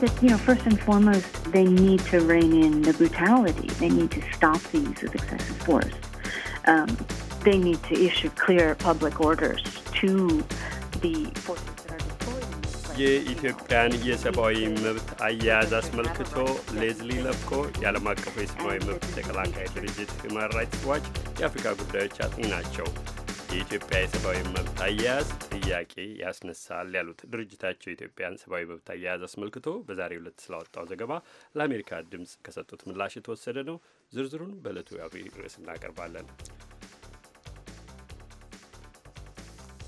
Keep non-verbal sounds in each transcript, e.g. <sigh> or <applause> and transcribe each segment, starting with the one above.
that, you know, first and foremost, they need to rein in the brutality. They need to stop the use of excessive force. Um, they need to issue clear public orders to the forces. የኢትዮጵያን የሰብአዊ መብት አያያዝ አስመልክቶ ሌዝሊ የዓለም አቀፉ የሰብአዊ መብት ተከላካይ ድርጅት ራይትስ ዋች የአፍሪካ ጉዳዮች አጥኚ ናቸው። የኢትዮጵያ የሰብአዊ መብት አያያዝ ጥያቄ ያስነሳል ያሉት ድርጅታቸው የኢትዮጵያን ሰብአዊ መብት አያያዝ አስመልክቶ በዛሬው ዕለት ስላወጣው ዘገባ ለአሜሪካ ድምፅ ከሰጡት ምላሽ የተወሰደ ነው። ዝርዝሩን በዕለቱ አብይ ርዕስ እናቀርባለን።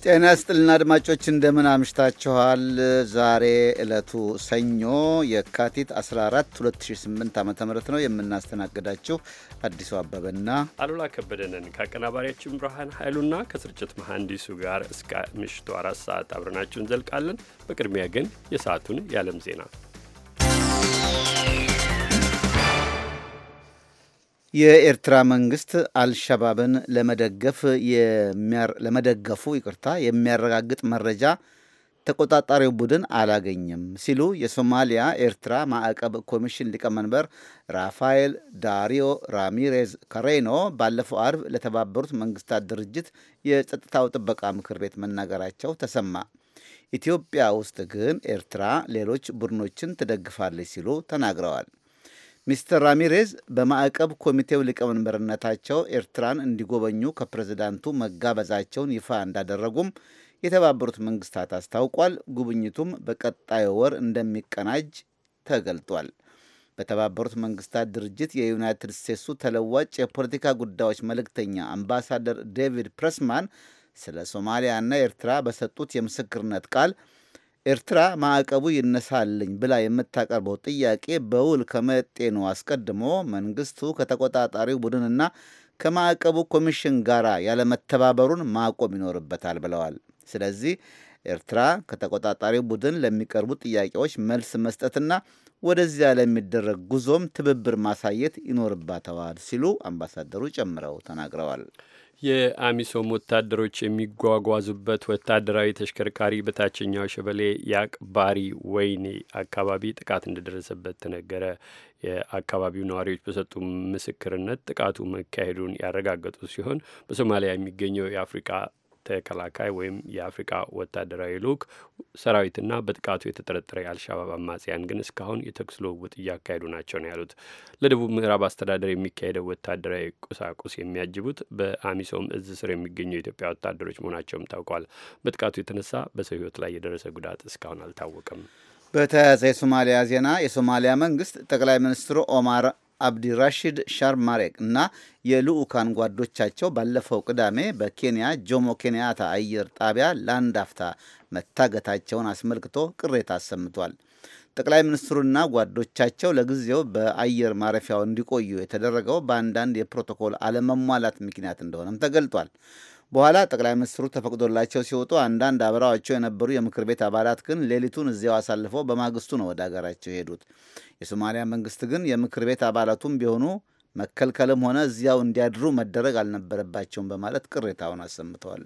ጤና ስጥልና አድማጮች እንደምን አምሽታችኋል። ዛሬ ዕለቱ ሰኞ የካቲት 14 2008 ዓ ም ነው። የምናስተናግዳችሁ አዲሱ አበበና አሉላ ከበደንን ከአቀናባሪያችን ብርሃን ኃይሉና ከስርጭት መሐንዲሱ ጋር እስከ ምሽቱ አራት ሰዓት አብረናችሁ እንዘልቃለን። በቅድሚያ ግን የሰዓቱን የዓለም ዜና የኤርትራ መንግስት አልሸባብን ለመደገፍ ለመደገፉ ይቅርታ የሚያረጋግጥ መረጃ ተቆጣጣሪው ቡድን አላገኘም ሲሉ የሶማሊያ ኤርትራ ማዕቀብ ኮሚሽን ሊቀመንበር ራፋኤል ዳሪዮ ራሚሬዝ ካሬኖ ባለፈው አርብ ለተባበሩት መንግስታት ድርጅት የጸጥታው ጥበቃ ምክር ቤት መናገራቸው ተሰማ። ኢትዮጵያ ውስጥ ግን ኤርትራ ሌሎች ቡድኖችን ትደግፋለች ሲሉ ተናግረዋል። ሚስተር ራሚሬዝ በማዕቀብ ኮሚቴው ሊቀመንበርነታቸው ኤርትራን እንዲጎበኙ ከፕሬዝዳንቱ መጋበዛቸውን ይፋ እንዳደረጉም የተባበሩት መንግስታት አስታውቋል። ጉብኝቱም በቀጣዩ ወር እንደሚቀናጅ ተገልጧል። በተባበሩት መንግስታት ድርጅት የዩናይትድ ስቴትሱ ተለዋጭ የፖለቲካ ጉዳዮች መልእክተኛ አምባሳደር ዴቪድ ፕሬስማን ስለ ሶማሊያና ኤርትራ በሰጡት የምስክርነት ቃል ኤርትራ ማዕቀቡ ይነሳልኝ ብላ የምታቀርበው ጥያቄ በውል ከመጤኑ አስቀድሞ መንግስቱ ከተቆጣጣሪው ቡድንና ከማዕቀቡ ኮሚሽን ጋር ያለመተባበሩን ማቆም ይኖርበታል ብለዋል። ስለዚህ ኤርትራ ከተቆጣጣሪው ቡድን ለሚቀርቡ ጥያቄዎች መልስ መስጠትና ወደዚያ ለሚደረግ ጉዞም ትብብር ማሳየት ይኖርባተዋል ሲሉ አምባሳደሩ ጨምረው ተናግረዋል። የአሚሶም ወታደሮች የሚጓጓዙበት ወታደራዊ ተሽከርካሪ በታችኛው ሸበሌ የአቅባሪ ወይኔ አካባቢ ጥቃት እንደደረሰበት ተነገረ። የአካባቢው ነዋሪዎች በሰጡ ምስክርነት ጥቃቱ መካሄዱን ያረጋገጡ ሲሆን በሶማሊያ የሚገኘው የአፍሪቃ ተከላካይ ወይም የአፍሪካ ወታደራዊ ልዑክ ሰራዊትና በጥቃቱ የተጠረጠረ የአልሻባብ አማጽያን ግን እስካሁን የተኩስ ልውውጥ እያካሄዱ ናቸው ነው ያሉት። ለደቡብ ምዕራብ አስተዳደር የሚካሄደው ወታደራዊ ቁሳቁስ የሚያጅቡት በአሚሶም እዝ ስር የሚገኙ የኢትዮጵያ ወታደሮች መሆናቸውም ታውቋል። በጥቃቱ የተነሳ በሰው ሕይወት ላይ የደረሰ ጉዳት እስካሁን አልታወቀም። በተያያዘ የሶማሊያ ዜና የሶማሊያ መንግስት ጠቅላይ ሚኒስትሩ ኦማር አብዲራሽድ ሻርማሬቅ እና የልዑካን ጓዶቻቸው ባለፈው ቅዳሜ በኬንያ ጆሞ ኬንያታ አየር ጣቢያ ላንዳፍታ አፍታ መታገታቸውን አስመልክቶ ቅሬታ አሰምቷል። ጠቅላይ ሚኒስትሩና ጓዶቻቸው ለጊዜው በአየር ማረፊያው እንዲቆዩ የተደረገው በአንዳንድ የፕሮቶኮል አለመሟላት ምክንያት እንደሆነም ተገልጧል። በኋላ ጠቅላይ ሚኒስትሩ ተፈቅዶላቸው ሲወጡ አንዳንድ አብረዋቸው የነበሩ የምክር ቤት አባላት ግን ሌሊቱን እዚያው አሳልፈው በማግስቱ ነው ወደ ሀገራቸው የሄዱት። የሶማሊያ መንግስት ግን የምክር ቤት አባላቱም ቢሆኑ መከልከልም ሆነ እዚያው እንዲያድሩ መደረግ አልነበረባቸውም በማለት ቅሬታውን አሰምተዋል።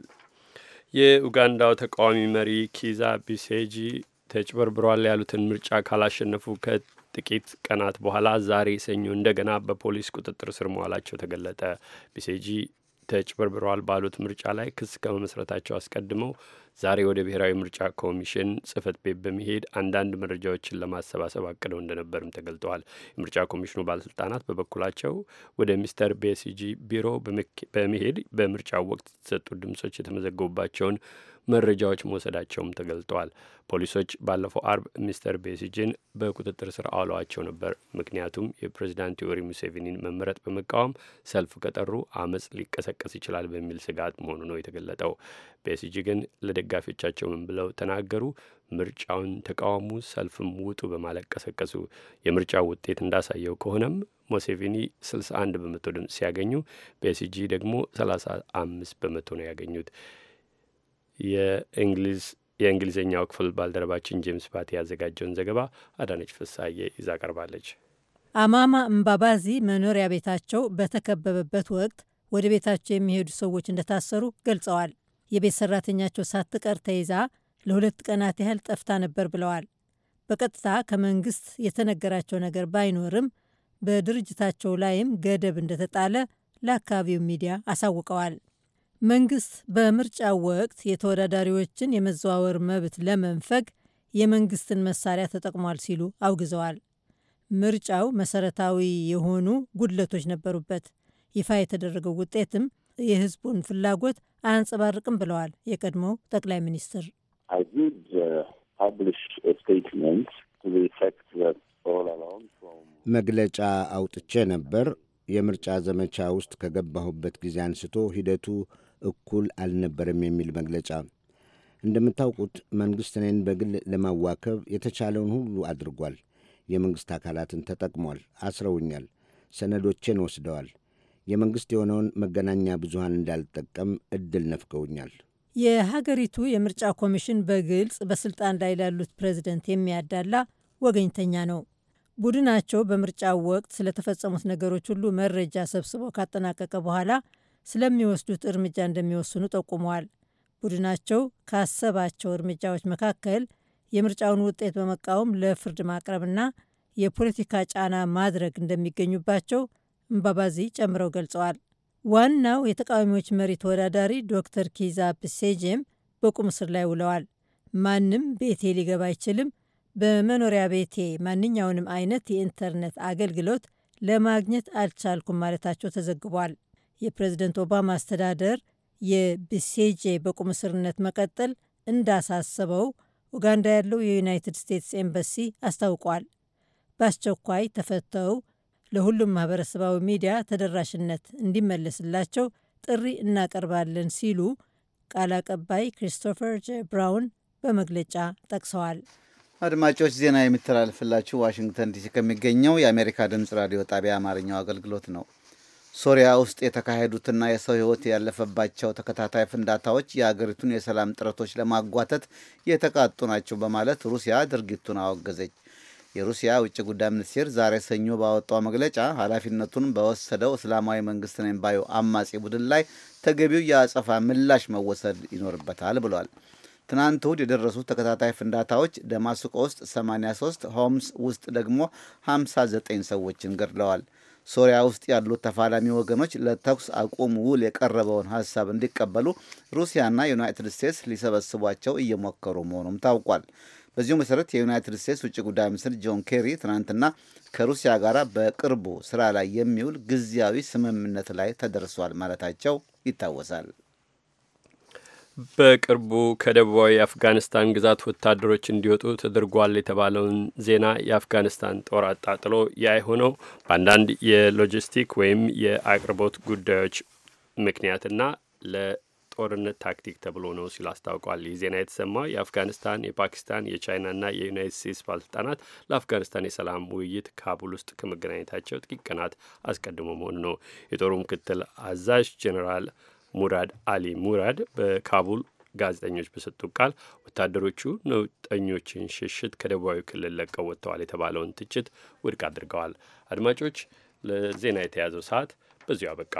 የኡጋንዳው ተቃዋሚ መሪ ኪዛ ቢሴጂ ተጭበርብሯል ያሉትን ምርጫ ካላሸነፉ ከጥቂት ቀናት በኋላ ዛሬ ሰኞ እንደገና በፖሊስ ቁጥጥር ስር መዋላቸው ተገለጠ። ቢሴጂ ተጭበርብረዋል ባሉት ምርጫ ላይ ክስ ከመመስረታቸው አስቀድመው ዛሬ ወደ ብሔራዊ ምርጫ ኮሚሽን ጽህፈት ቤት በመሄድ አንዳንድ መረጃዎችን ለማሰባሰብ አቅደው እንደነበርም ተገልጠዋል። የምርጫ ኮሚሽኑ ባለስልጣናት በበኩላቸው ወደ ሚስተር ቤሲጂ ቢሮ በመሄድ በምርጫው ወቅት የተሰጡ ድምጾች የተመዘገቡባቸውን መረጃዎች መውሰዳቸውም ተገልጠዋል። ፖሊሶች ባለፈው አርብ ሚስተር ቤሲጅን በቁጥጥር ስር አውለዋቸው ነበር። ምክንያቱም የፕሬዚዳንት ዮሪ ሙሴቪኒን መመረጥ በመቃወም ሰልፍ ከጠሩ አመፅ ሊቀሰቀስ ይችላል በሚል ስጋት መሆኑ ነው የተገለጠው። ቤሲጅ ግን ለደጋፊዎቻቸው ምን ብለው ተናገሩ? ምርጫውን ተቃወሙ፣ ሰልፍም ውጡ በማለት ቀሰቀሱ። የምርጫው ውጤት እንዳሳየው ከሆነም ሙሴቬኒ 61 በመቶ ድምፅ ሲያገኙ፣ ቤሲጂ ደግሞ 35 በመቶ ነው ያገኙት። የእንግሊዝ የእንግሊዝኛው ክፍል ባልደረባችን ጄምስ ባቲ ያዘጋጀውን ዘገባ አዳነች ፍሳዬ ይዛ ቀርባለች። አማማ እምባባዚ መኖሪያ ቤታቸው በተከበበበት ወቅት ወደ ቤታቸው የሚሄዱ ሰዎች እንደታሰሩ ገልጸዋል። የቤት ሰራተኛቸው ሳትቀር ተይዛ ለሁለት ቀናት ያህል ጠፍታ ነበር ብለዋል። በቀጥታ ከመንግስት የተነገራቸው ነገር ባይኖርም በድርጅታቸው ላይም ገደብ እንደተጣለ ለአካባቢው ሚዲያ አሳውቀዋል። መንግስት በምርጫው ወቅት የተወዳዳሪዎችን የመዘዋወር መብት ለመንፈግ የመንግስትን መሳሪያ ተጠቅሟል ሲሉ አውግዘዋል። ምርጫው መሰረታዊ የሆኑ ጉድለቶች ነበሩበት፣ ይፋ የተደረገው ውጤትም የህዝቡን ፍላጎት አያንጸባርቅም ብለዋል የቀድሞው ጠቅላይ ሚኒስትር። uh, መግለጫ አውጥቼ ነበር። የምርጫ ዘመቻ ውስጥ ከገባሁበት ጊዜ አንስቶ ሂደቱ እኩል አልነበረም የሚል መግለጫ። እንደምታውቁት መንግሥት እኔን በግል ለማዋከብ የተቻለውን ሁሉ አድርጓል። የመንግሥት አካላትን ተጠቅሟል። አስረውኛል። ሰነዶቼን ወስደዋል። የመንግሥት የሆነውን መገናኛ ብዙሃን እንዳልጠቀም እድል ነፍገውኛል። የሀገሪቱ የምርጫ ኮሚሽን በግልጽ በስልጣን ላይ ላሉት ፕሬዝደንት የሚያዳላ ወገኝተኛ ነው። ቡድናቸው በምርጫው ወቅት ስለተፈጸሙት ነገሮች ሁሉ መረጃ ሰብስቦ ካጠናቀቀ በኋላ ስለሚወስዱት እርምጃ እንደሚወስኑ ጠቁመዋል። ቡድናቸው ካሰባቸው እርምጃዎች መካከል የምርጫውን ውጤት በመቃወም ለፍርድ ማቅረብና የፖለቲካ ጫና ማድረግ እንደሚገኙባቸው እምባባዚ ጨምረው ገልጸዋል። ዋናው የተቃዋሚዎች መሪ ተወዳዳሪ ዶክተር ኪዛ ብሴጄም በቁም እስር ላይ ውለዋል። ማንም ቤቴ ሊገባ አይችልም፣ በመኖሪያ ቤቴ ማንኛውንም አይነት የኢንተርኔት አገልግሎት ለማግኘት አልቻልኩም ማለታቸው ተዘግቧል። የፕሬዝደንት ኦባማ አስተዳደር የብሴጄ በቁም እስርነት መቀጠል እንዳሳሰበው ኡጋንዳ ያለው የዩናይትድ ስቴትስ ኤምባሲ አስታውቋል። በአስቸኳይ ተፈተው ለሁሉም ማህበረሰባዊ ሚዲያ ተደራሽነት እንዲመለስላቸው ጥሪ እናቀርባለን ሲሉ ቃል አቀባይ ክሪስቶፈር ጄ ብራውን በመግለጫ ጠቅሰዋል። አድማጮች ዜና የሚተላለፍላችሁ ዋሽንግተን ዲሲ ከሚገኘው የአሜሪካ ድምፅ ራዲዮ ጣቢያ አማርኛው አገልግሎት ነው። ሶሪያ ውስጥ የተካሄዱትና የሰው ሕይወት ያለፈባቸው ተከታታይ ፍንዳታዎች የአገሪቱን የሰላም ጥረቶች ለማጓተት የተቃጡ ናቸው በማለት ሩሲያ ድርጊቱን አወገዘች። የሩሲያ ውጭ ጉዳይ ሚኒስቴር ዛሬ ሰኞ ባወጣው መግለጫ ኃላፊነቱን በወሰደው እስላማዊ መንግስት ነኝ ባዩ አማጺ ቡድን ላይ ተገቢው የአጸፋ ምላሽ መወሰድ ይኖርበታል ብሏል። ትናንት እሁድ የደረሱት ተከታታይ ፍንዳታዎች ደማስቆ ውስጥ 83፣ ሆምስ ውስጥ ደግሞ 59 ሰዎችን ገድለዋል። ሶሪያ ውስጥ ያሉት ተፋላሚ ወገኖች ለተኩስ አቁም ውል የቀረበውን ሀሳብ እንዲቀበሉ ሩሲያና ዩናይትድ ስቴትስ ሊሰበስቧቸው እየሞከሩ መሆኑም ታውቋል። በዚሁ መሰረት የዩናይትድ ስቴትስ ውጭ ጉዳይ ሚኒስትር ጆን ኬሪ ትናንትና ከሩሲያ ጋር በቅርቡ ስራ ላይ የሚውል ጊዜያዊ ስምምነት ላይ ተደርሷል ማለታቸው ይታወሳል። በቅርቡ ከደቡባዊ የአፍጋኒስታን ግዛት ወታደሮች እንዲወጡ ተደርጓል የተባለውን ዜና የአፍጋኒስታን ጦር አጣጥሎ ያይሆነው በአንዳንድ የሎጂስቲክ ወይም የአቅርቦት ጉዳዮች ምክንያትና ለጦርነት ታክቲክ ተብሎ ነው ሲል አስታውቋል። ይህ ዜና የተሰማው የአፍጋኒስታን፣ የፓኪስታን፣ የቻይናና የዩናይትድ ስቴትስ ባለስልጣናት ለአፍጋኒስታን የሰላም ውይይት ካቡል ውስጥ ከመገናኘታቸው ጥቂት ቀናት አስቀድሞ መሆኑ ነው። የጦሩ ምክትል አዛዥ ጄኔራል ሙራድ አሊ ሙራድ በካቡል ጋዜጠኞች በሰጡ ቃል ወታደሮቹ ነውጠኞችን ሽሽት ከደቡባዊ ክልል ለቀው ወጥተዋል የተባለውን ትችት ውድቅ አድርገዋል። አድማጮች፣ ለዜና የተያዘው ሰዓት በዚሁ አበቃ።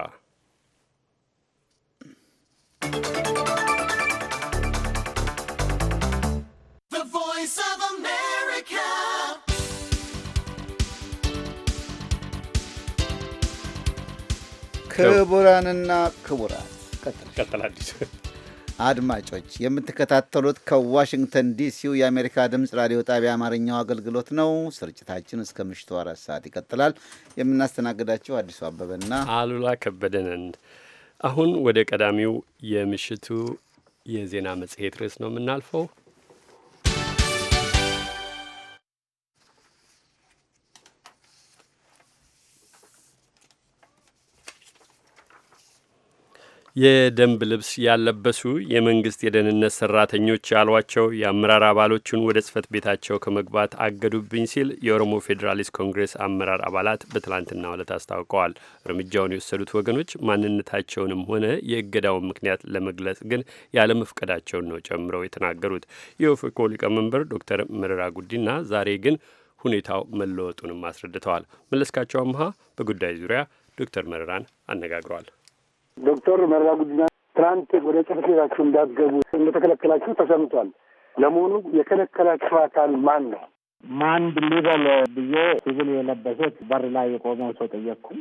ክቡራንና ክቡራን አድማጮች የምትከታተሉት ከዋሽንግተን ዲሲው የአሜሪካ ድምፅ ራዲዮ ጣቢያ አማርኛው አገልግሎት ነው። ስርጭታችን እስከ ምሽቱ አራት ሰዓት ይቀጥላል። የምናስተናግዳቸው አዲሱ አበበና አሉላ ከበደንን። አሁን ወደ ቀዳሚው የምሽቱ የዜና መጽሔት ርዕስ ነው የምናልፈው። የደንብ ልብስ ያለበሱ የመንግስት የደህንነት ሰራተኞች ያሏቸው የአመራር አባሎቹን ወደ ጽህፈት ቤታቸው ከመግባት አገዱብኝ ሲል የኦሮሞ ፌዴራሊስት ኮንግሬስ አመራር አባላት በትላንትናው ዕለት አስታውቀዋል። እርምጃውን የወሰዱት ወገኖች ማንነታቸውንም ሆነ የእገዳውን ምክንያት ለመግለጽ ግን ያለመፍቀዳቸውን ነው ጨምረው የተናገሩት። የኦፌኮ ሊቀመንበር ዶክተር መረራ ጉዲና ዛሬ ግን ሁኔታው መለወጡንም አስረድተዋል። መለስካቸው አምሃ በጉዳይ ዙሪያ ዶክተር መረራን አነጋግሯል። ዶክተር መረራ ጉዲና ትናንት ወደ ጽሕፈት ቤታችሁ እንዳትገቡ እንደተከለከላችሁ ተሰምቷል። ለመሆኑ የከለከላችሁ አካል ማን ነው? ማን ሊበል ብዬ ሲቪል የለበሱት በር ላይ የቆመው ሰው ጠየቅኩም።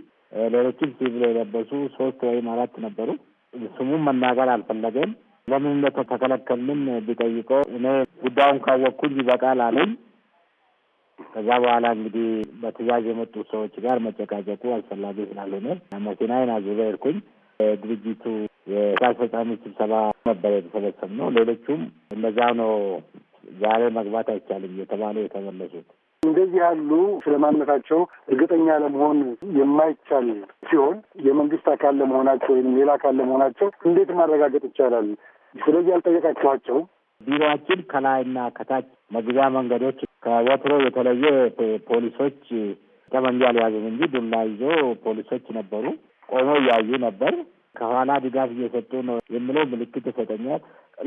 ሌሎችም ሲቪል የለበሱ ሶስት ወይም አራት ነበሩ። ስሙም መናገር አልፈለገም። ለምን እንደተከለከልንም ቢጠይቀው እኔ ጉዳዩን ካወቅኩኝ ይበቃል አለኝ። ከዛ በኋላ እንግዲህ በትዕዛዝ የመጡ ሰዎች ጋር መጨቃጨቁ አስፈላጊ ስላልሆነ መኪናዬን አዙበ ሄድኩኝ። ድርጅቱ የስራ አስፈጻሚ ስብሰባ ነበር ነው። ሌሎቹም እነዛ ነው ዛሬ መግባት አይቻልም የተባለ የተመለሱት። እንደዚህ ያሉ ስለማንነታቸው እርግጠኛ ለመሆን የማይቻል ሲሆን የመንግስት አካል ለመሆናቸው ወይም ሌላ አካል ለመሆናቸው እንዴት ማረጋገጥ ይቻላል? ስለዚህ ያልጠየቃችኋቸው ቢሮአችን ከላይና ከታች መግቢያ መንገዶች ከወትሮ የተለየ ፖሊሶች ጠመንጃ ሊያዙም እንጂ ዱላ ይዞ ፖሊሶች ነበሩ። ቆመው እያዩ ነበር። ከኋላ ድጋፍ እየሰጡ ነው የሚለው ምልክት ይሰጠኛል።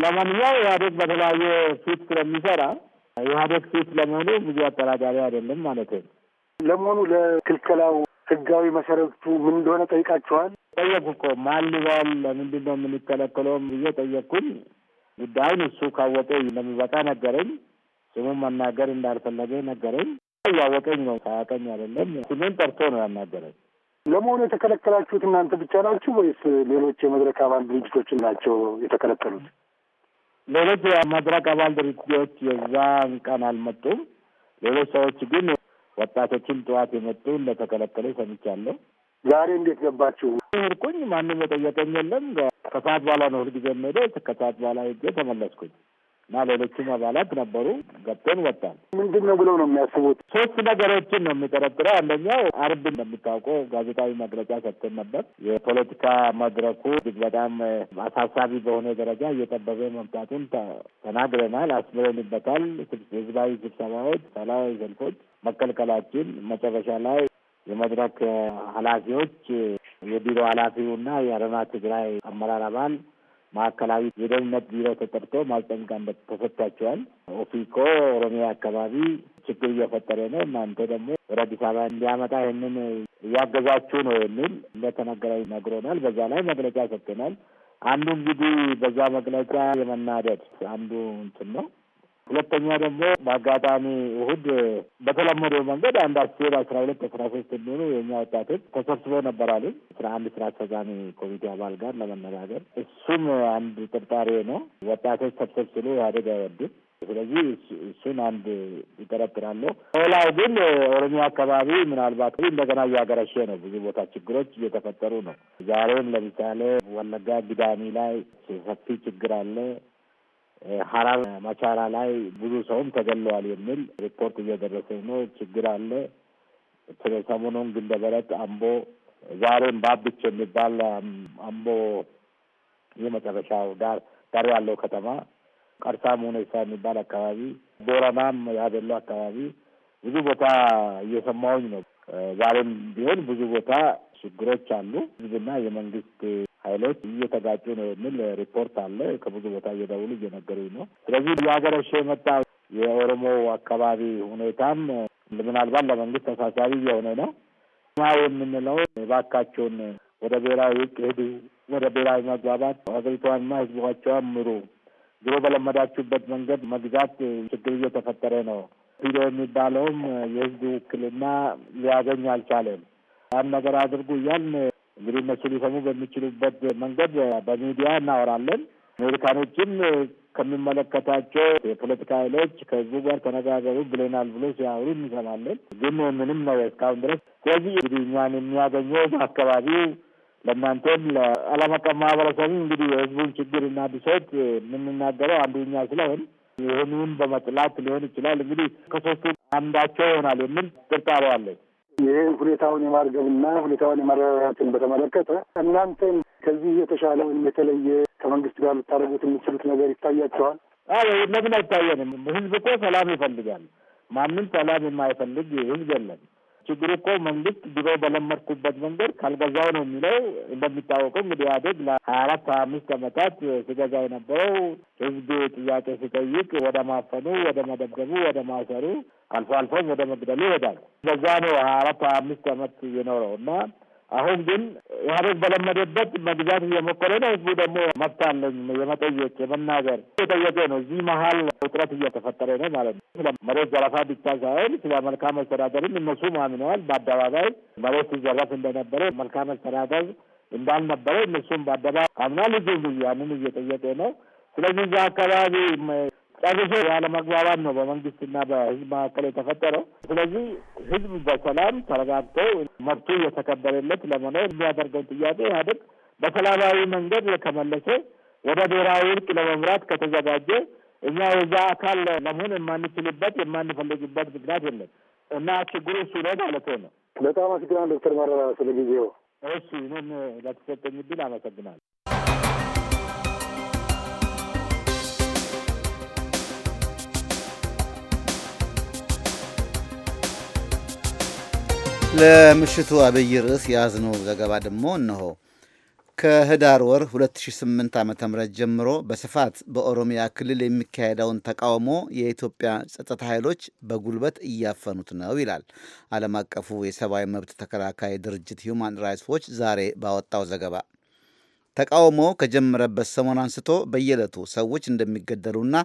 ለማንኛው ኢህአዴግ በተለያየ ፊት ስለሚሰራ ኢህአዴግ ፊት ለመሆኑ ብዙ አጠራጣሪ አይደለም ማለት ነው። ለመሆኑ ለክልከላው ህጋዊ መሰረቱ ምን እንደሆነ ጠይቃችኋል? ጠየቁ እኮ ማን ልበል ለምንድን ነው የምንከለከለውም ብዬ ጠየቅኩኝ። ጉዳዩን እሱ ካወቀ እንደሚበቃ ነገረኝ። ስሙን መናገር እንዳልፈለገ ነገረኝ። እያወቀኝ ነው ሳያቀኝ አይደለም። ስሜን ጠርቶ ነው ያናገረኝ። ለመሆኑ የተከለከላችሁት እናንተ ብቻ ናችሁ ወይስ ሌሎች የመድረክ አባል ድርጅቶች ናቸው የተከለከሉት? ሌሎች የመድረክ አባል ድርጅቶች የዛን ቀን አልመጡም። ሌሎች ሰዎች ግን ወጣቶችን ጠዋት የመጡ እንደተከለከለ ሰምቻለሁ። ዛሬ እንዴት ገባችሁ? ሄድኩኝ። ማንም የጠየቀኝ የለም። ከሰዓት በኋላ ነው ሁልጊዜ የምሄደው። ከሰዓት በኋላ ሄጄ ተመለስኩኝ። እና ሌሎችም አባላት ነበሩ። ገብተን ወጣል። ምንድን ነው ብለው ነው የሚያስቡት? ሶስት ነገሮችን ነው የሚጠረጥረው። አንደኛው አርብ እንደሚታወቀው ጋዜጣዊ መግለጫ ሰጥተን ነበር። የፖለቲካ መድረኩ እጅግ በጣም አሳሳቢ በሆነ ደረጃ እየጠበበ መምጣቱን ተናግረናል፣ አስምረንበታል። ህዝባዊ ስብሰባዎች፣ ሰላማዊ ሰልፎች መከልከላችን መጨረሻ ላይ የመድረክ ኃላፊዎች የቢሮ ኃላፊውና የአረና ትግራይ አመራር አባል ማዕከላዊ የደህንነት ቢሮ ተጠርቶ ማስጠንቀቂያ ተሰጥቷቸዋል። ኦፊኮ ኦሮሚያ አካባቢ ችግር እየፈጠረ ነው፣ እናንተ ደግሞ ወደ አዲስ አበባ እንዲያመጣ ይህንን እያገዛችሁ ነው የሚል እንደተነገረ ነግሮናል። በዛ ላይ መግለጫ ሰጥቶናል። አንዱ እንግዲህ በዛ መግለጫ የመናደድ አንዱ እንትን ነው። ሁለተኛ ደግሞ በአጋጣሚ እሁድ በተለመደው መንገድ አንድ አስር አስራ ሁለት አስራ ሶስት የሚሆኑ የኛ ወጣቶች ተሰብስበው ነበራሉ ስራ አንድ ስራ አስፈጻሚ ኮሚቴ አባል ጋር ለመነጋገር እሱም አንድ ጥርጣሬ ነው። ወጣቶች ሰብሰብ ስሎ ኢህአዴግ አይወድም። ስለዚህ እሱን አንድ ይጠረጥራለሁ። ሌላው ግን ኦሮሚያ አካባቢ ምናልባት እንደገና እያገረሸ ነው። ብዙ ቦታ ችግሮች እየተፈጠሩ ነው። ዛሬም ለምሳሌ ወለጋ ግዳሚ ላይ ሰፊ ችግር አለ። ሀራር ማቻራ ላይ ብዙ ሰውም ተገለዋል የሚል ሪፖርት እየደረሰኝ ነው። ችግር አለ። ሰሞኑን ግንደበረት አምቦ፣ ዛሬም ባብች የሚባል አምቦ የመጨረሻው ዳር ዳር ያለው ከተማ ቀርሳ ሙኔሳ የሚባል አካባቢ፣ ቦረናም ያበሎ አካባቢ ብዙ ቦታ እየሰማውኝ ነው። ዛሬም ቢሆን ብዙ ቦታ ችግሮች አሉ። ህዝብና የመንግስት ኃይሎች እየተጋጩ ነው የሚል ሪፖርት አለ። ከብዙ ቦታ እየደውሉ እየነገሩኝ ነው። ስለዚህ እያገረሸ የመጣ የኦሮሞ አካባቢ ሁኔታም ምናልባት ለመንግስት ተሳሳቢ እየሆነ ነው። ማ የምንለው የባካቸውን ወደ ብሔራዊ ውቅ ሄዱ፣ ወደ ብሔራዊ መግባባት ሀገሪቷንና ህዝቦቿን ምሩ። ድሮ በለመዳችሁበት መንገድ መግዛት ችግር እየተፈጠረ ነው። ፒዶ የሚባለውም የህዝብ ውክልና ሊያገኝ አልቻለም። ያን ነገር አድርጉ እያልን እንግዲህ እነሱ ሊሰሙ በሚችሉበት መንገድ በሚዲያ እናወራለን። አሜሪካኖችም ከሚመለከታቸው የፖለቲካ ኃይሎች ከህዝቡ ጋር ተነጋገሩ ብለናል ብሎ ሲያወሩ እንሰማለን። ግን ምንም ነው እስካሁን ድረስ። ስለዚህ እንግዲህ እኛን የሚያገኘው አካባቢው ለእናንተም ለዓለም አቀፍ ማህበረሰቡ እንግዲህ የህዝቡን ችግር እና ብሶት የምንናገረው አንዱ እኛ ስለሆን ይህንን በመጥላት ሊሆን ይችላል እንግዲህ ከሶስቱ አንዳቸው ይሆናል የሚል ጥርጣሬ አለኝ። ይሄ ሁኔታውን የማርገብና ሁኔታውን የማረጋጋትን በተመለከተ እናንተም ከዚህ የተሻለውን የተለየ ከመንግስት ጋር ልታደርጉት የምችሉት ነገር ይታያቸዋል? አዎ ለምን አይታየንም? ህዝብ እኮ ሰላም ይፈልጋል። ማንም ሰላም የማይፈልግ ህዝብ የለም። ችግሩ እኮ መንግስት ድሮ በለመድኩበት መንገድ ካልገዛው ነው የሚለው። እንደሚታወቀው እንግዲህ ኢህአዴግ ለሀያ አራት ሀያ አምስት ዓመታት ሲገዛ የነበረው ህዝብ ጥያቄ ሲጠይቅ ወደ ማፈኑ፣ ወደ መደብደቡ፣ ወደ ማሰሩ አልፎ አልፎም ወደ መግደሉ ይሄዳል። በዛ ነው ሀያ አራት ሀያ አምስት ዓመት የኖረው እና አሁን ግን ኢህአዴግ በለመደበት መግዛት እየሞከረ ነው። ህዝቡ ደግሞ መብት አለኝ የመጠየቅ የመናገር የጠየቀ ነው። እዚህ መሀል ውጥረት እየተፈጠረ ነው ማለት ነው። ስለ መሬት ዘረፋ ብቻ ሳይሆን ስለ መልካም መስተዳደርም እነሱ ማምነዋል። በአደባባይ መሬት ሲዘረፍ እንደነበረ መልካም መስተዳደር እንዳልነበረ እነሱም በአደባባይ አምናል። ህዝቡ ያንን እየጠየቀ ነው። ስለዚህ እዛ አካባቢ ጨርሶ ያለመግባባት ነው በመንግስትና በህዝብ መካከል የተፈጠረው። ስለዚህ ህዝብ በሰላም ተረጋግቶ መብቱ የተከበረለት ለመኖር የሚያደርገውን ጥያቄ ኢህአዴግ በሰላማዊ መንገድ ከመለሰ ወደ ብሔራዊ እርቅ ለመምራት ከተዘጋጀ እኛ የዛ አካል ለመሆን የማንችልበት የማንፈልግበት ምክንያት የለም እና ችግሩ እሱ ነው ማለት ነው። በጣም አመሰግናለሁ ዶክተር መረራ ስለ ጊዜው። እሺ እኔም ለተሰጠኝ ዕድል አመሰግናለሁ። ለምሽቱ አብይ ርዕስ የያዝነው ዘገባ ደግሞ እነሆ። ከህዳር ወር 2008 ዓ ም ጀምሮ በስፋት በኦሮሚያ ክልል የሚካሄደውን ተቃውሞ የኢትዮጵያ ጸጥታ ኃይሎች በጉልበት እያፈኑት ነው ይላል ዓለም አቀፉ የሰብአዊ መብት ተከላካይ ድርጅት ሁማን ራይትስ ዎች ዛሬ ባወጣው ዘገባ። ተቃውሞ ከጀመረበት ሰሞን አንስቶ በየዕለቱ ሰዎች እንደሚገደሉና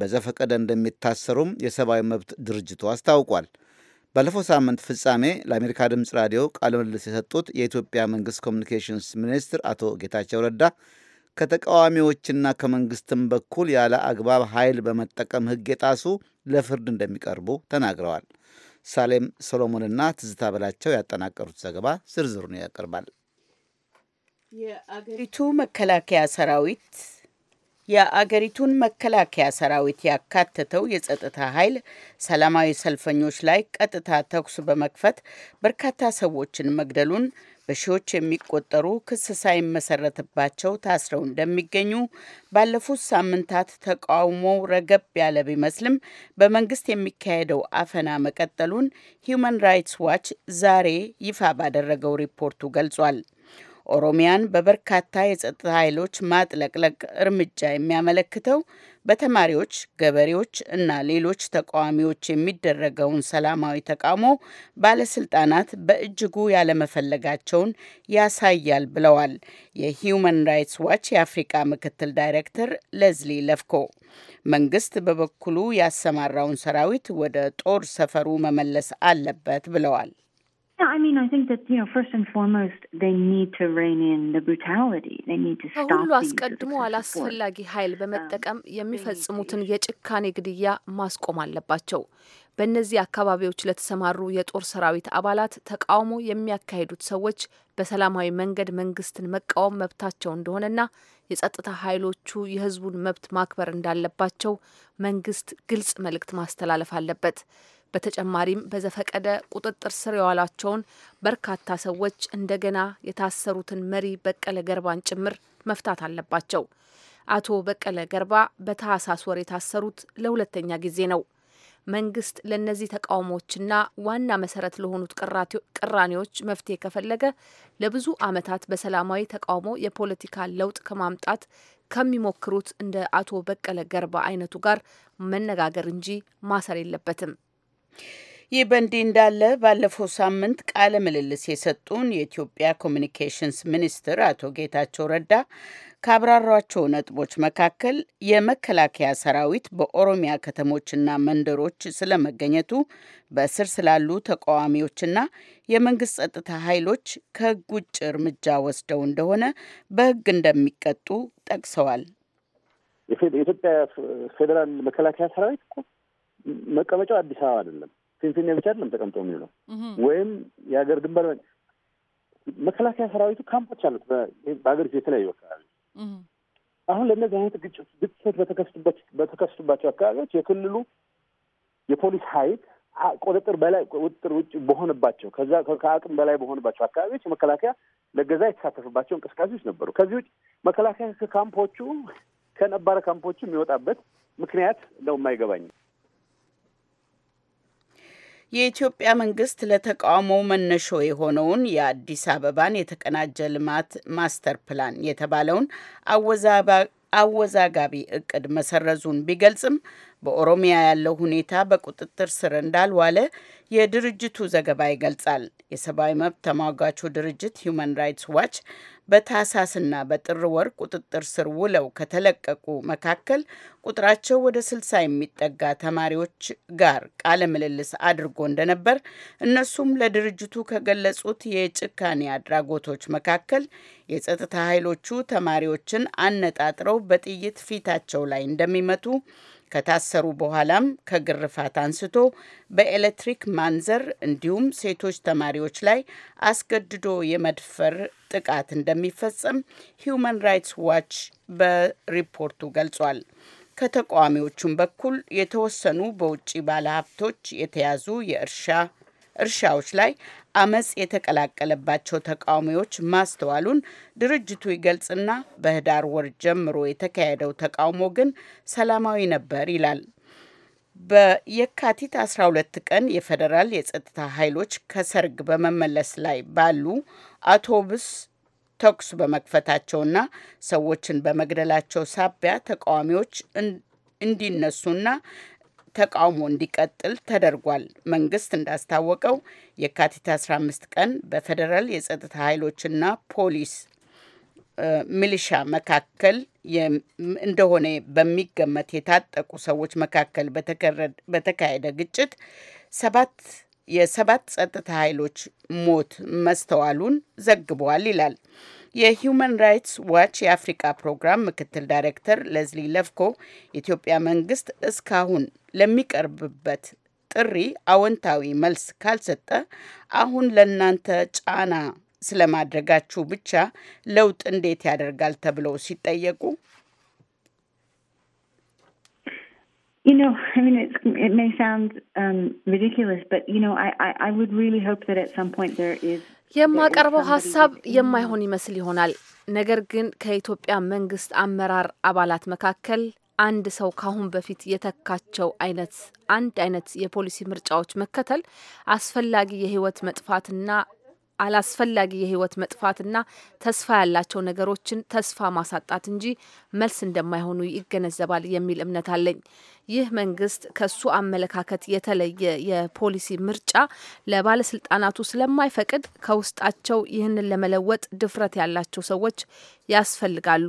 በዘፈቀደ እንደሚታሰሩም የሰብአዊ መብት ድርጅቱ አስታውቋል። ባለፈው ሳምንት ፍጻሜ ለአሜሪካ ድምፅ ራዲዮ ቃለ ምልልስ የሰጡት የኢትዮጵያ መንግስት ኮሚኒኬሽንስ ሚኒስትር አቶ ጌታቸው ረዳ ከተቃዋሚዎችና ከመንግስትም በኩል ያለ አግባብ ኃይል በመጠቀም ሕግ የጣሱ ለፍርድ እንደሚቀርቡ ተናግረዋል። ሳሌም ሰሎሞንና ትዝታ በላቸው ያጠናቀሩት ዘገባ ዝርዝሩን ያቀርባል። የአገሪቱ መከላከያ ሰራዊት የአገሪቱን መከላከያ ሰራዊት ያካተተው የጸጥታ ኃይል ሰላማዊ ሰልፈኞች ላይ ቀጥታ ተኩስ በመክፈት በርካታ ሰዎችን መግደሉን በሺዎች የሚቆጠሩ ክስ ሳይመሰረትባቸው ታስረው እንደሚገኙ ባለፉት ሳምንታት ተቃውሞው ረገብ ያለ ቢመስልም በመንግስት የሚካሄደው አፈና መቀጠሉን ሂዩማን ራይትስ ዋች ዛሬ ይፋ ባደረገው ሪፖርቱ ገልጿል። ኦሮሚያን በበርካታ የጸጥታ ኃይሎች ማጥለቅለቅ እርምጃ የሚያመለክተው በተማሪዎች፣ ገበሬዎች እና ሌሎች ተቃዋሚዎች የሚደረገውን ሰላማዊ ተቃውሞ ባለስልጣናት በእጅጉ ያለመፈለጋቸውን ያሳያል ብለዋል የሂዩማን ራይትስ ዋች የአፍሪቃ ምክትል ዳይሬክተር ለዝሊ ለፍኮ። መንግስት በበኩሉ ያሰማራውን ሰራዊት ወደ ጦር ሰፈሩ መመለስ አለበት ብለዋል። Yeah, I mean, I think that, you know, first and foremost, they need to rein in the brutality. They need to stop ከሁሉ አስቀድሞ አላስፈላጊ ኃይል በመጠቀም um, የሚፈጽሙትን የጭካኔ ግድያ ማስቆም አለባቸው። በእነዚህ አካባቢዎች ለተሰማሩ የጦር ሰራዊት አባላት ተቃውሞ የሚያካሂዱት ሰዎች በሰላማዊ መንገድ መንግስትን መቃወም መብታቸው እንደሆነና የጸጥታ ኃይሎቹ የህዝቡን መብት ማክበር እንዳለባቸው መንግስት ግልጽ መልእክት ማስተላለፍ አለበት። በተጨማሪም በዘፈቀደ ቁጥጥር ስር የዋላቸውን በርካታ ሰዎች እንደገና የታሰሩትን መሪ በቀለ ገርባን ጭምር መፍታት አለባቸው። አቶ በቀለ ገርባ በታህሳስ ወር የታሰሩት ለሁለተኛ ጊዜ ነው። መንግስት ለእነዚህ ተቃውሞዎችና ዋና መሰረት ለሆኑት ቅራኔዎች መፍትሄ ከፈለገ ለብዙ ዓመታት በሰላማዊ ተቃውሞ የፖለቲካ ለውጥ ከማምጣት ከሚሞክሩት እንደ አቶ በቀለ ገርባ አይነቱ ጋር መነጋገር እንጂ ማሰር የለበትም። ይህ በእንዲህ እንዳለ ባለፈው ሳምንት ቃለ ምልልስ የሰጡን የኢትዮጵያ ኮሚኒኬሽንስ ሚኒስትር አቶ ጌታቸው ረዳ ካብራሯቸው ነጥቦች መካከል የመከላከያ ሰራዊት በኦሮሚያ ከተሞችና መንደሮች ስለመገኘቱ፣ በእስር ስላሉ ተቃዋሚዎችና የመንግስት ጸጥታ ኃይሎች ከህግ ውጭ እርምጃ ወስደው እንደሆነ በህግ እንደሚቀጡ ጠቅሰዋል። የኢትዮጵያ ፌዴራል መከላከያ ሰራዊት መቀመጫው አዲስ አበባ አይደለም፣ ፊንፊኔ ብቻ አይደለም ተቀምጦ የሚውለው ወይም የሀገር ድንበር መከላከያ ሰራዊቱ ካምፖች አሉት በሀገሪቱ የተለያዩ አካባቢ። አሁን ለእነዚህ አይነት ግጭት ግጭቶች በተከሰቱባቸው አካባቢዎች የክልሉ የፖሊስ ኃይል ቁጥጥር በላይ ቁጥጥር ውጭ በሆነባቸው ከዛ ከአቅም በላይ በሆነባቸው አካባቢዎች መከላከያ ለገዛ የተሳተፈባቸው እንቅስቃሴዎች ነበሩ። ከዚህ ውጭ መከላከያ ከካምፖቹ ከነባረ ካምፖቹ የሚወጣበት ምክንያት ነው የማይገባኝ። የኢትዮጵያ መንግስት ለተቃውሞ መነሾ የሆነውን የአዲስ አበባን የተቀናጀ ልማት ማስተር ፕላን የተባለውን አወዛጋቢ እቅድ መሰረዙን ቢገልጽም በኦሮሚያ ያለው ሁኔታ በቁጥጥር ስር እንዳልዋለ የድርጅቱ ዘገባ ይገልጻል። የሰብአዊ መብት ተሟጋቹ ድርጅት ሁማን ራይትስ ዋች በታህሳስና በጥር ወር ቁጥጥር ስር ውለው ከተለቀቁ መካከል ቁጥራቸው ወደ ስልሳ የሚጠጋ ተማሪዎች ጋር ቃለ ምልልስ አድርጎ እንደነበር እነሱም ለድርጅቱ ከገለጹት የጭካኔ አድራጎቶች መካከል የጸጥታ ኃይሎቹ ተማሪዎችን አነጣጥረው በጥይት ፊታቸው ላይ እንደሚመቱ ከታሰሩ በኋላም ከግርፋት አንስቶ በኤሌክትሪክ ማንዘር እንዲሁም ሴቶች ተማሪዎች ላይ አስገድዶ የመድፈር ጥቃት እንደሚፈጸም ሂዩማን ራይትስ ዋች በሪፖርቱ ገልጿል። ከተቃዋሚዎቹም በኩል የተወሰኑ በውጭ ባለሀብቶች የተያዙ የእርሻ እርሻዎች ላይ አመጽ የተቀላቀለባቸው ተቃዋሚዎች ማስተዋሉን ድርጅቱ ይገልጽና በህዳር ወር ጀምሮ የተካሄደው ተቃውሞ ግን ሰላማዊ ነበር ይላል። በየካቲት 12 ቀን የፌዴራል የጸጥታ ኃይሎች ከሰርግ በመመለስ ላይ ባሉ አውቶቡስ ተኩስ በመክፈታቸውና ሰዎችን በመግደላቸው ሳቢያ ተቃዋሚዎች እንዲነሱና ተቃውሞ እንዲቀጥል ተደርጓል። መንግስት እንዳስታወቀው የካቲት 15 ቀን በፌዴራል የጸጥታ ኃይሎችና ፖሊስ ሚሊሻ መካከል እንደሆነ በሚገመት የታጠቁ ሰዎች መካከል በተካሄደ ግጭት ሰባት የሰባት ጸጥታ ኃይሎች ሞት መስተዋሉን ዘግበዋል ይላል። የሂዩማን ራይትስ ዋች የአፍሪካ ፕሮግራም ምክትል ዳይሬክተር ሌዝሊ ለፍኮ የኢትዮጵያ መንግስት እስካሁን ለሚቀርብበት ጥሪ አዎንታዊ መልስ ካልሰጠ አሁን ለእናንተ ጫና ስለማድረጋችሁ ብቻ ለውጥ እንዴት ያደርጋል ተብለው ሲጠየቁ You know, I mean, it may sound um, ridiculous, but you know, I, I, I would really hope that at some point there is. የማቀርበው ሀሳብ የማይሆን ይመስል ይሆናል። ነገር ግን ከኢትዮጵያ መንግስት አመራር አባላት መካከል አንድ ሰው ካሁን በፊት የተካቸው አይነት አንድ አይነት የፖሊሲ ምርጫዎች መከተል አስፈላጊ የህይወት መጥፋትና አላስፈላጊ የህይወት መጥፋትና ተስፋ ያላቸው ነገሮችን ተስፋ ማሳጣት እንጂ መልስ እንደማይሆኑ ይገነዘባል የሚል እምነት አለኝ። ይህ መንግስት ከሱ አመለካከት የተለየ የፖሊሲ ምርጫ ለባለስልጣናቱ ስለማይፈቅድ ከውስጣቸው ይህንን ለመለወጥ ድፍረት ያላቸው ሰዎች ያስፈልጋሉ።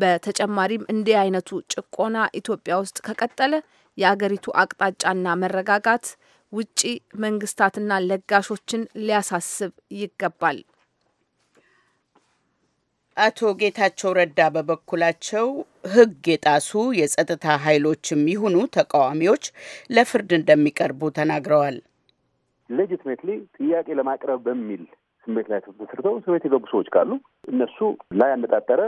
በተጨማሪም እንዲህ አይነቱ ጭቆና ኢትዮጵያ ውስጥ ከቀጠለ የአገሪቱ አቅጣጫና መረጋጋት ውጪ መንግስታትና ለጋሾችን ሊያሳስብ ይገባል። አቶ ጌታቸው ረዳ በበኩላቸው ሕግ የጣሱ የጸጥታ ኃይሎችም ይሁኑ ተቃዋሚዎች ለፍርድ እንደሚቀርቡ ተናግረዋል። ሌጂትሜትሊ ጥያቄ ለማቅረብ በሚል ስሜት ላይ ተመስርተው ስሜት የገቡ ሰዎች ካሉ እነሱ ላይ ያነጣጠረ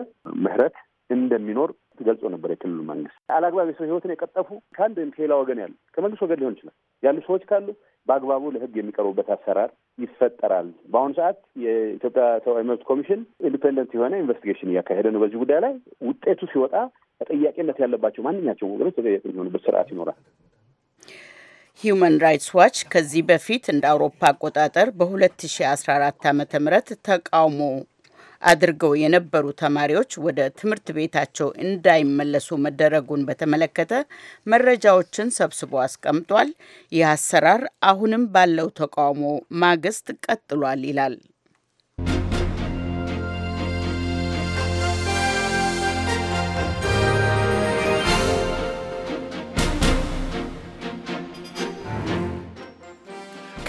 ምህረት እንደሚኖር ገልጾ ነበር የክልሉ መንግስት። አላግባብ የሰው ህይወትን የቀጠፉ ከአንድ ከሌላ ወገን ያሉ ከመንግስት ወገን ሊሆን ይችላል ያሉ ሰዎች ካሉ በአግባቡ ለህግ የሚቀርቡበት አሰራር ይፈጠራል። በአሁኑ ሰዓት የኢትዮጵያ ሰብአዊ መብት ኮሚሽን ኢንዲፔንደንት የሆነ ኢንቨስቲጌሽን እያካሄደ ነው በዚህ ጉዳይ ላይ ውጤቱ ሲወጣ ተጠያቂነት ያለባቸው ማንኛቸው ወገኖች ተጠያቂ የሚሆኑበት ስርዓት ይኖራል። ሂዩማን ራይትስ ዋች ከዚህ በፊት እንደ አውሮፓ አቆጣጠር በ2014 ዓ ም ተቃውሞ አድርገው የነበሩ ተማሪዎች ወደ ትምህርት ቤታቸው እንዳይመለሱ መደረጉን በተመለከተ መረጃዎችን ሰብስቦ አስቀምጧል። ይህ አሰራር አሁንም ባለው ተቃውሞ ማግስት ቀጥሏል ይላል።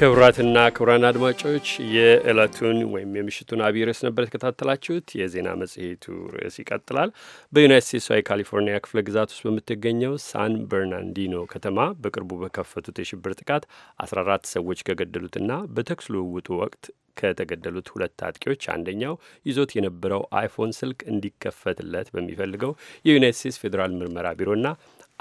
ክቡራትና ክቡራን አድማጮች የዕለቱን ወይም የምሽቱን አብይ ርዕስ ነበር የተከታተላችሁት። የዜና መጽሔቱ ርዕስ ይቀጥላል። በዩናይት ስቴትሷ የካሊፎርኒያ ክፍለ ግዛት ውስጥ በምትገኘው ሳን በርናንዲኖ ከተማ በቅርቡ በከፈቱት የሽብር ጥቃት 14 ሰዎች ከገደሉትና በተኩስ ልውውጡ ወቅት ከተገደሉት ሁለት አጥቂዎች አንደኛው ይዞት የነበረው አይፎን ስልክ እንዲከፈትለት በሚፈልገው የዩናይት ስቴትስ ፌዴራል ምርመራ ቢሮና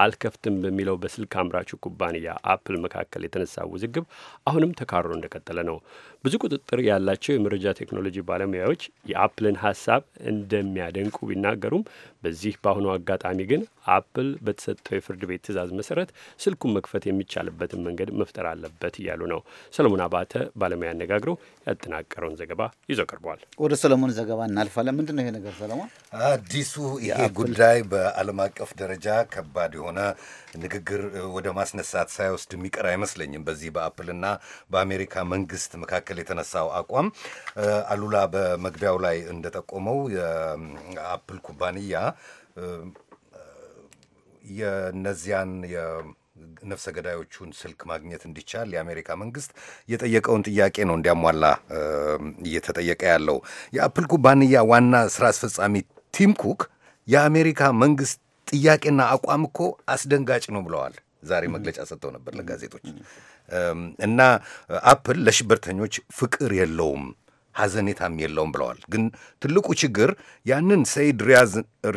አልከፍትም በሚለው በስልክ አምራቹ ኩባንያ አፕል መካከል የተነሳ ውዝግብ አሁንም ተካሮ እንደቀጠለ ነው። ብዙ ቁጥጥር ያላቸው የመረጃ ቴክኖሎጂ ባለሙያዎች የአፕልን ሀሳብ እንደሚያደንቁ ቢናገሩም በዚህ በአሁኑ አጋጣሚ ግን አፕል በተሰጠው የፍርድ ቤት ትዕዛዝ መሰረት ስልኩን መክፈት የሚቻልበትን መንገድ መፍጠር አለበት እያሉ ነው። ሰለሞን አባተ ባለሙያ ያነጋግሮ ያጠናቀረውን ዘገባ ይዞ ቀርቧል። ወደ ሰለሞን ዘገባ እናልፋለን። ምንድን ነው ይሄ ነገር ሰለሞን? አዲሱ ይሄ ጉዳይ በዓለም አቀፍ ደረጃ ከባድ የሆነ ንግግር ወደ ማስነሳት ሳይወስድ የሚቀር አይመስለኝም። በዚህ በአፕልና በአሜሪካ መንግስት መካከል የተነሳው አቋም አሉላ በመግቢያው ላይ እንደጠቆመው የአፕል ኩባንያ የነዚያን ነፍሰ ገዳዮቹን ስልክ ማግኘት እንዲቻል የአሜሪካ መንግስት የጠየቀውን ጥያቄ ነው እንዲያሟላ እየተጠየቀ ያለው። የአፕል ኩባንያ ዋና ስራ አስፈጻሚ ቲም ኩክ የአሜሪካ መንግስት ጥያቄና አቋም እኮ አስደንጋጭ ነው ብለዋል። ዛሬ መግለጫ ሰጥተው ነበር ለጋዜጦች። እና አፕል ለሽብርተኞች ፍቅር የለውም ሐዘኔታም የለውም ብለዋል። ግን ትልቁ ችግር ያንን ሰይድ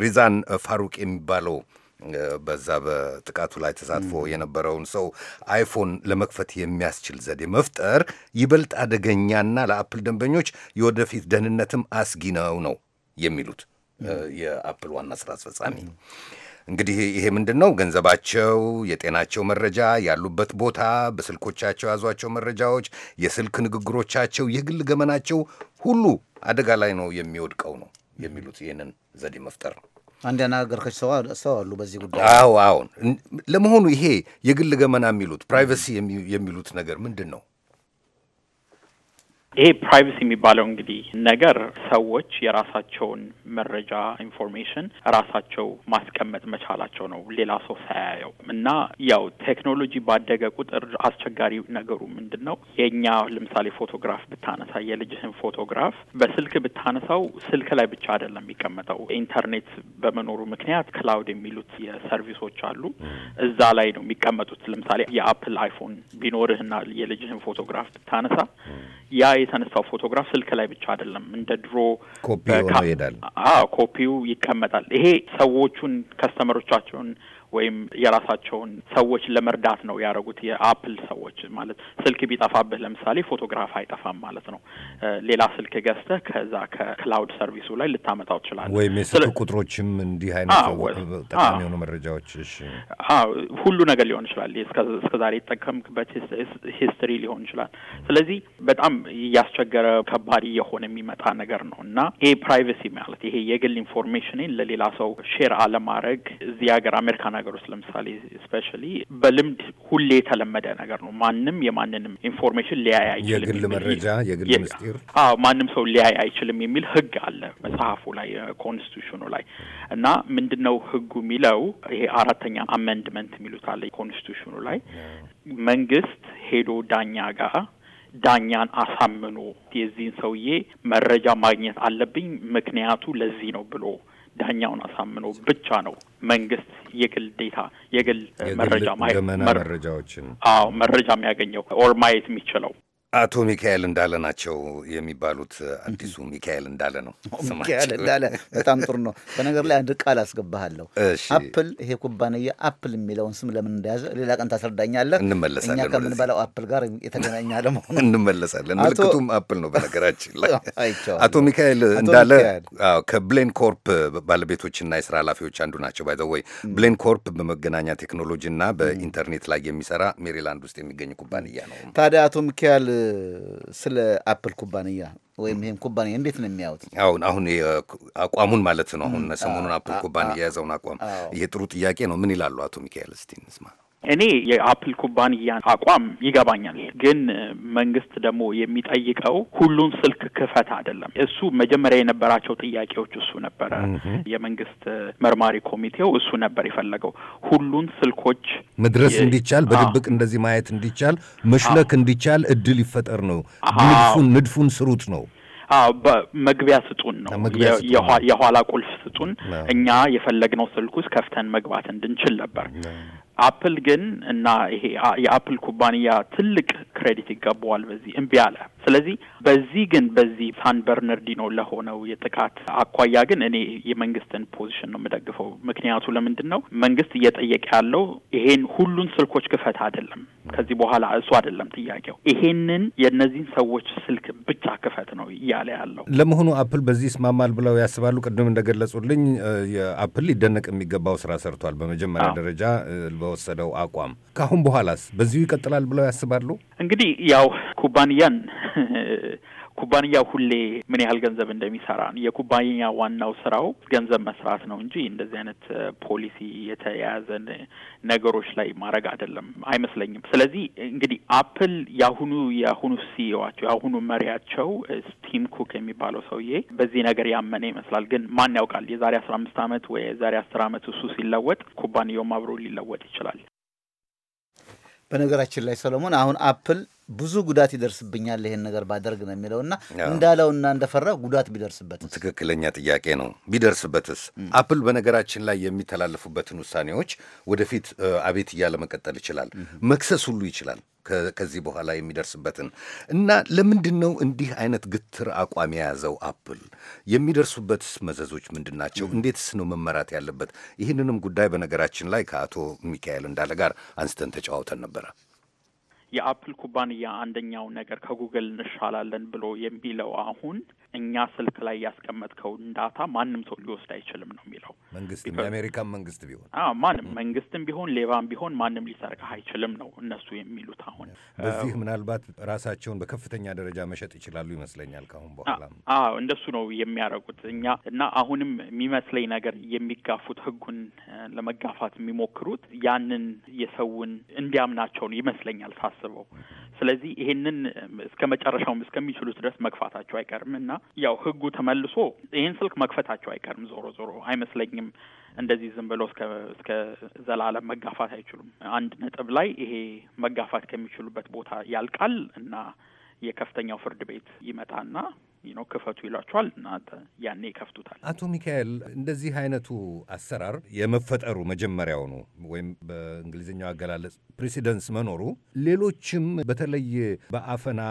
ሪዛን ፋሩቅ የሚባለው በዛ በጥቃቱ ላይ ተሳትፎ የነበረውን ሰው አይፎን ለመክፈት የሚያስችል ዘዴ መፍጠር ይበልጥ አደገኛና ለአፕል ደንበኞች የወደፊት ደህንነትም አስጊ ነው ነው የሚሉት የአፕል ዋና ስራ አስፈጻሚ እንግዲህ ይሄ ምንድን ነው? ገንዘባቸው፣ የጤናቸው መረጃ፣ ያሉበት ቦታ፣ በስልኮቻቸው ያዟቸው መረጃዎች፣ የስልክ ንግግሮቻቸው፣ የግል ገመናቸው ሁሉ አደጋ ላይ ነው የሚወድቀው ነው የሚሉት ይህንን ዘዴ መፍጠር ነው። አንድ ያናገርከች ሰው አሉ በዚህ ጉዳይ። አዎ አሁን ለመሆኑ ይሄ የግል ገመና የሚሉት ፕራይቨሲ የሚሉት ነገር ምንድን ነው? ይሄ ፕራይቬሲ የሚባለው እንግዲህ ነገር ሰዎች የራሳቸውን መረጃ ኢንፎርሜሽን ራሳቸው ማስቀመጥ መቻላቸው ነው፣ ሌላ ሰው ሳያየው እና ያው ቴክኖሎጂ ባደገ ቁጥር አስቸጋሪ ነገሩ ምንድን ነው? የእኛ ለምሳሌ ፎቶግራፍ ብታነሳ የልጅህን ፎቶግራፍ በስልክ ብታነሳው ስልክ ላይ ብቻ አይደለም የሚቀመጠው። ኢንተርኔት በመኖሩ ምክንያት ክላውድ የሚሉት የሰርቪሶች አሉ፣ እዛ ላይ ነው የሚቀመጡት። ለምሳሌ የአፕል አይፎን ቢኖርህና የልጅህን ፎቶግራፍ ብታነሳ ያ የተነሳው ፎቶግራፍ ስልክ ላይ ብቻ አይደለም፣ እንደ ድሮ ኮፒ ሆኖ ይሄዳል። አዎ ኮፒው ይቀመጣል። ይሄ ሰዎቹን ከስተመሮቻቸውን ወይም የራሳቸውን ሰዎች ለመርዳት ነው ያደረጉት። የአፕል ሰዎች ማለት ስልክ ቢጠፋብህ ለምሳሌ ፎቶግራፍ አይጠፋም ማለት ነው። ሌላ ስልክ ገዝተህ ከዛ ከክላውድ ሰርቪሱ ላይ ልታመጣው ትችላለህ። ወይም የስልክ ቁጥሮችም እንዲህ አይነት ጠቃሚ የሆኑ መረጃዎች። ሁሉ ነገር ሊሆን ይችላል። እስከ ዛሬ የተጠቀምክበት ሂስትሪ ሊሆን ይችላል። ስለዚህ በጣም እያስቸገረ ከባድ እየሆነ የሚመጣ ነገር ነው እና ይሄ ፕራይቬሲ ማለት ይሄ የግል ኢንፎርሜሽንን ለሌላ ሰው ሼር አለማድረግ እዚህ ሀገር አሜሪካን ውስጥ ለምሳሌ ስፔሻሊ በልምድ ሁሌ የተለመደ ነገር ነው። ማንም የማንንም ኢንፎርሜሽን ሊያይ አይችልም። የግል መረጃ፣ የግል ምስጢር፣ አዎ ማንም ሰው ሊያይ አይችልም የሚል ህግ አለ መጽሐፉ ላይ ኮንስቲቱሽኑ ላይ እና ምንድን ነው ህጉ የሚለው ይሄ አራተኛ አመንድመንት የሚሉት አለ ኮንስቲቱሽኑ ላይ መንግስት ሄዶ ዳኛ ጋር ዳኛን አሳምኖ የዚህን ሰውዬ መረጃ ማግኘት አለብኝ ምክንያቱ ለዚህ ነው ብሎ ዳኛውን አሳምኖ ብቻ ነው መንግስት የግል ዴታ የግል መረጃ ማየት መረጃዎችን አዎ መረጃ የሚያገኘው ኦር ማየት የሚችለው አቶ ሚካኤል እንዳለ ናቸው የሚባሉት። አዲሱ ሚካኤል እንዳለ ነው ሚካኤል እንዳለ በጣም ጥሩ ነው። በነገር ላይ አንድ ቃል አስገባሃለሁ። አፕል ይሄ ኩባንያ አፕል የሚለውን ስም ለምን እንደያዘ ሌላ ቀን ታስረዳኛለህ። እንመለሳለን። እኛ ከምንበላው አፕል ጋር የተገናኘ ለመሆኑ እንመለሳለን። ምልክቱም አፕል ነው በነገራችን ላይ። አቶ ሚካኤል እንዳለ ከብሌን ኮርፕ ባለቤቶችና የስራ ኃላፊዎች አንዱ ናቸው። ወይ ብሌን ኮርፕ በመገናኛ ቴክኖሎጂና በኢንተርኔት ላይ የሚሰራ ሜሪላንድ ውስጥ የሚገኝ ኩባንያ ነው። ታዲያ አቶ ሚካኤል ስለ አፕል ኩባንያ ወይም ይህም ኩባንያ እንዴት ነው የሚያዩት? አሁን አሁን አቋሙን ማለት ነው። አሁን ሰሞኑን አፕል ኩባንያ የያዘውን አቋም ይሄ ጥሩ ጥያቄ ነው። ምን ይላሉ አቶ ሚካኤል? እስቲ እንስማ ነው እኔ የአፕል ኩባንያ አቋም ይገባኛል። ግን መንግስት ደግሞ የሚጠይቀው ሁሉን ስልክ ክፈት አይደለም። እሱ መጀመሪያ የነበራቸው ጥያቄዎች እሱ ነበረ። የመንግስት መርማሪ ኮሚቴው እሱ ነበር የፈለገው ሁሉን ስልኮች መድረስ እንዲቻል፣ በድብቅ እንደዚህ ማየት እንዲቻል፣ መሽለክ እንዲቻል እድል ይፈጠር ነው። ንድፉን ንድፉን ስሩት ነው መግቢያ ስጡን ነው የኋላ ቁልፍ ስጡን፣ እኛ የፈለግነው ስልክ ውስጥ ከፍተን መግባት እንድንችል ነበር። አፕል ግን እና ይሄ የአፕል ኩባንያ ትልቅ ክሬዲት ይገባዋል። በዚህ እምቢ አለ። ስለዚህ በዚህ ግን በዚህ ሳን በርነርዲኖ ለሆነው የጥቃት አኳያ ግን እኔ የመንግስትን ፖዚሽን ነው የምደግፈው። ምክንያቱ ለምንድን ነው? መንግስት እየጠየቀ ያለው ይሄን ሁሉን ስልኮች ክፈት አይደለም። ከዚህ በኋላ እሱ አይደለም ጥያቄው፣ ይሄንን የእነዚህን ሰዎች ስልክ ብቻ ክፈት ነው እያለ ያለው። ለመሆኑ አፕል በዚህ ይስማማል ብለው ያስባሉ? ቅድም እንደገለጹልኝ የአፕል ሊደነቅ የሚገባው ስራ ሰርቷል፣ በመጀመሪያ ደረጃ በወሰደው አቋም። ከአሁን በኋላስ በዚሁ ይቀጥላል ብለው ያስባሉ? እንግዲህ ያው ኩባንያን <laughs> ኩባንያ ሁሌ ምን ያህል ገንዘብ እንደሚሰራ የኩባንያ ዋናው ስራው ገንዘብ መስራት ነው እንጂ እንደዚህ አይነት ፖሊሲ የተያያዘ ነገሮች ላይ ማድረግ አይደለም አይመስለኝም። ስለዚህ እንግዲህ አፕል የአሁኑ የአሁኑ ሲኢኦዋቸው የአሁኑ መሪያቸው ስቲም ኩክ የሚባለው ሰውዬ በዚህ ነገር ያመነ ይመስላል። ግን ማን ያውቃል የዛሬ አስራ አምስት አመት ወይ የዛሬ አስር አመት እሱ ሲለወጥ ኩባንያውም አብሮ ሊለወጥ ይችላል። በነገራችን ላይ ሰለሞን አሁን አፕል ብዙ ጉዳት ይደርስብኛል ይሄን ነገር ባደርግ ነው የሚለውና እንዳለውና እንደፈራው ጉዳት ቢደርስበት ትክክለኛ ጥያቄ ነው። ቢደርስበትስ? አፕል በነገራችን ላይ የሚተላለፉበትን ውሳኔዎች ወደፊት አቤት እያለ መቀጠል ይችላል። መክሰስ ሁሉ ይችላል ከዚህ በኋላ የሚደርስበትን እና ለምንድን ነው እንዲህ አይነት ግትር አቋም የያዘው አፕል? የሚደርሱበትስ መዘዞች ምንድን ናቸው? እንዴትስ ነው መመራት ያለበት? ይህንንም ጉዳይ በነገራችን ላይ ከአቶ ሚካኤል እንዳለ ጋር አንስተን ተጨዋውተን ነበረ። የአፕል ኩባንያ አንደኛው ነገር ከጉግል እንሻላለን ብሎ የሚለው አሁን እኛ ስልክ ላይ ያስቀመጥከውን ዳታ ማንም ሰው ሊወስድ አይችልም ነው የሚለው። መንግስትም የአሜሪካን መንግስት ቢሆን ማንም መንግስትም ቢሆን ሌባም ቢሆን ማንም ሊሰርቅህ አይችልም ነው እነሱ የሚሉት። አሁን በዚህ uh, ምናልባት ራሳቸውን በከፍተኛ ደረጃ መሸጥ ይችላሉ ይመስለኛል ከአሁን በኋላ እንደሱ ነው የሚያደርጉት። እኛ እና አሁንም የሚመስለኝ ነገር የሚጋፉት ህጉን ለመጋፋት የሚሞክሩት ያንን የሰውን እንዲያምናቸውን ይመስለኛል ሳስበው። ስለዚህ ይሄንን እስከ መጨረሻውም እስከሚችሉት ድረስ መግፋታቸው አይቀርም እና ያው ህጉ ተመልሶ ይህን ስልክ መክፈታቸው አይቀርም። ዞሮ ዞሮ አይመስለኝም እንደዚህ ዝም ብሎ እስከ እስከ ዘላለም መጋፋት አይችሉም። አንድ ነጥብ ላይ ይሄ መጋፋት ከሚችሉበት ቦታ ያልቃል እና የከፍተኛው ፍርድ ቤት ይመጣና ነው ክፈቱ ይሏቸዋል። እናንተ ያኔ ይከፍቱታል። አቶ ሚካኤል እንደዚህ አይነቱ አሰራር የመፈጠሩ መጀመሪያውኑ ወይም በእንግሊዝኛው አገላለጽ ፕሬሲደንስ መኖሩ ሌሎችም በተለይ በአፈና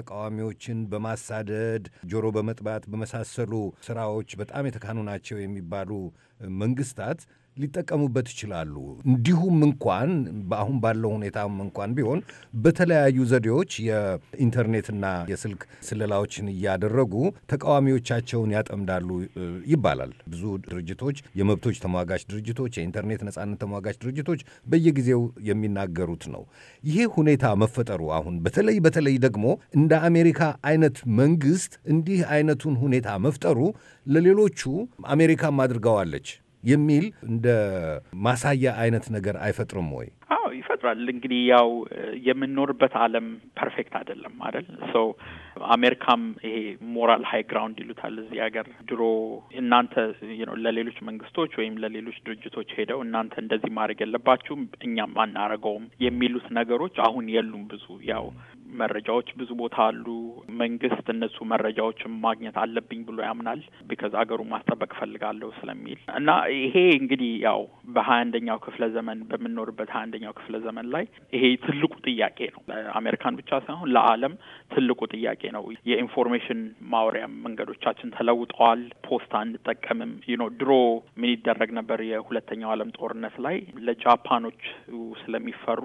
ተቃዋሚዎችን በማሳደድ ጆሮ በመጥባት በመሳሰሉ ስራዎች በጣም የተካኑ ናቸው የሚባሉ መንግስታት ሊጠቀሙበት ይችላሉ። እንዲሁም እንኳን አሁን ባለው ሁኔታም እንኳን ቢሆን በተለያዩ ዘዴዎች የኢንተርኔትና የስልክ ስለላዎችን እያደረጉ ተቃዋሚዎቻቸውን ያጠምዳሉ ይባላል። ብዙ ድርጅቶች፣ የመብቶች ተሟጋች ድርጅቶች፣ የኢንተርኔት ነጻነት ተሟጋች ድርጅቶች በየጊዜው የሚናገሩት ነው። ይሄ ሁኔታ መፈጠሩ አሁን በተለይ በተለይ ደግሞ እንደ አሜሪካ አይነት መንግስት እንዲህ አይነቱን ሁኔታ መፍጠሩ ለሌሎቹ አሜሪካም አድርገዋለች የሚል እንደ ማሳያ አይነት ነገር አይፈጥርም ወይ? አዎ ይፈጥራል። እንግዲህ ያው የምንኖርበት ዓለም ፐርፌክት አይደለም አይደል? ሰው አሜሪካም ይሄ ሞራል ሀይ ግራውንድ ይሉታል እዚህ ሀገር ድሮ እናንተ ለሌሎች መንግስቶች ወይም ለሌሎች ድርጅቶች ሄደው እናንተ እንደዚህ ማድረግ የለባችሁም እኛም አናረገውም የሚሉት ነገሮች አሁን የሉም። ብዙ ያው መረጃዎች ብዙ ቦታ አሉ። መንግስት እነሱ መረጃዎችን ማግኘት አለብኝ ብሎ ያምናል። ቢካዝ አገሩ ማስጠበቅ እፈልጋለሁ ስለሚል እና ይሄ እንግዲህ ያው በሀያ አንደኛው ክፍለ ዘመን በምንኖርበት ሀያ አንደኛው ክፍለ ዘመን ላይ ይሄ ትልቁ ጥያቄ ነው። ለአሜሪካን ብቻ ሳይሆን ለዓለም ትልቁ ጥያቄ ነው። የኢንፎርሜሽን ማውሪያ መንገዶቻችን ተለውጠዋል። ፖስታ እንጠቀምም ዩኖ ድሮ ምን ይደረግ ነበር? የሁለተኛው ዓለም ጦርነት ላይ ለጃፓኖች ስለሚፈሩ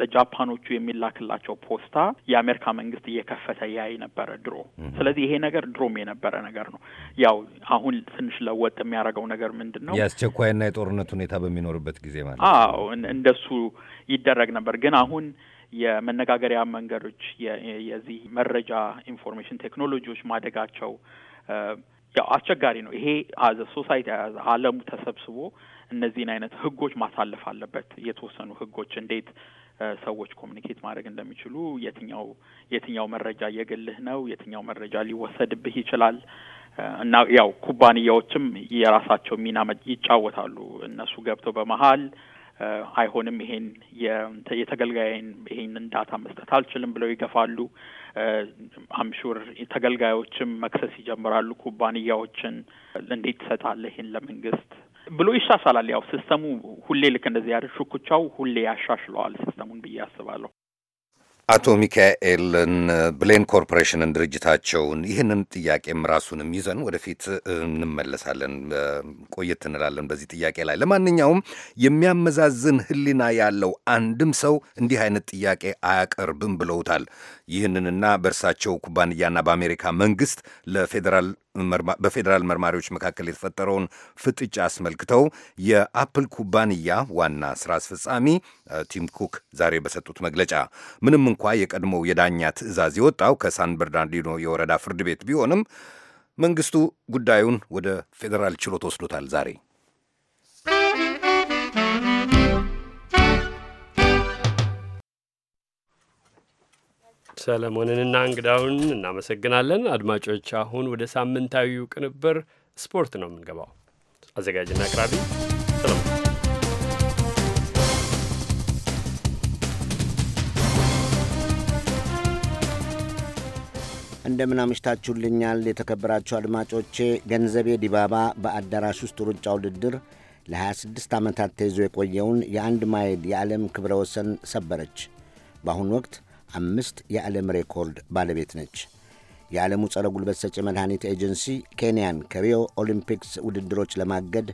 ለጃፓኖቹ የሚላክላቸው ፖስታ የአሜሪካ መንግስት እየከፈተ ያይ ነበረ ድሮ። ስለዚህ ይሄ ነገር ድሮም የነበረ ነገር ነው። ያው አሁን ትንሽ ለወጥ የሚያደርገው ነገር ምንድን ነው? የአስቸኳይና የጦርነት ሁኔታ በሚኖርበት ጊዜ ማለት አዎ፣ እንደሱ ይደረግ ነበር። ግን አሁን የመነጋገሪያ መንገዶች የዚህ መረጃ ኢንፎርሜሽን ቴክኖሎጂዎች ማደጋቸው ያው አስቸጋሪ ነው። ይሄ አዘ ሶሳይቲ አለሙ ተሰብስቦ እነዚህን አይነት ህጎች ማሳለፍ አለበት። የተወሰኑ ህጎች እንዴት ሰዎች ኮሚኒኬት ማድረግ እንደሚችሉ የትኛው የትኛው መረጃ የግልህ ነው፣ የትኛው መረጃ ሊወሰድብህ ይችላል እና ያው ኩባንያዎችም የራሳቸው ሚና ይጫወታሉ። እነሱ ገብተው በመሀል አይሆንም፣ ይሄን የተገልጋይን ይሄንን ዳታ መስጠት አልችልም ብለው ይገፋሉ። አምሹር ተገልጋዮችም መክሰስ ይጀምራሉ ኩባንያዎችን። እንዴት ትሰጣለህ ይሄን ለመንግስት ብሎ ይሻሻላል። ያው ሲስተሙ ሁሌ ልክ እንደዚህ ያለ ሹኩቻው ሁሌ ያሻሽለዋል ሲስተሙን ብዬ አስባለሁ። አቶ ሚካኤልን ብሌን ኮርፖሬሽንን ድርጅታቸውን ይህንን ጥያቄም ራሱንም ይዘን ወደፊት እንመለሳለን፣ ቆየት እንላለን በዚህ ጥያቄ ላይ። ለማንኛውም የሚያመዛዝን ሕሊና ያለው አንድም ሰው እንዲህ አይነት ጥያቄ አያቀርብም ብለውታል ይህንንና በእርሳቸው ኩባንያና በአሜሪካ መንግስት በፌዴራል መርማሪዎች መካከል የተፈጠረውን ፍጥጫ አስመልክተው የአፕል ኩባንያ ዋና ስራ አስፈጻሚ ቲም ኩክ ዛሬ በሰጡት መግለጫ ምንም እንኳ የቀድሞው የዳኛ ትዕዛዝ የወጣው ከሳን በርናርዲኖ የወረዳ ፍርድ ቤት ቢሆንም መንግስቱ ጉዳዩን ወደ ፌዴራል ችሎት ወስዶታል ዛሬ ሰለሞንንና እንግዳውን እናመሰግናለን። አድማጮች፣ አሁን ወደ ሳምንታዊው ቅንብር ስፖርት ነው የምንገባው። አዘጋጅና አቅራቢ እንደምን አምሽታችሁልኛል የተከበራችሁ አድማጮቼ። ገንዘቤ ዲባባ በአዳራሽ ውስጥ ሩጫ ውድድር ለ26 ዓመታት ተይዞ የቆየውን የአንድ ማይል የዓለም ክብረ ወሰን ሰበረች። በአሁኑ ወቅት አምስት የዓለም ሬኮርድ ባለቤት ነች። የዓለሙ ጸረ ጉልበት ሰጪ መድኃኒት ኤጀንሲ ኬንያን ከሪዮ ኦሊምፒክስ ውድድሮች ለማገድ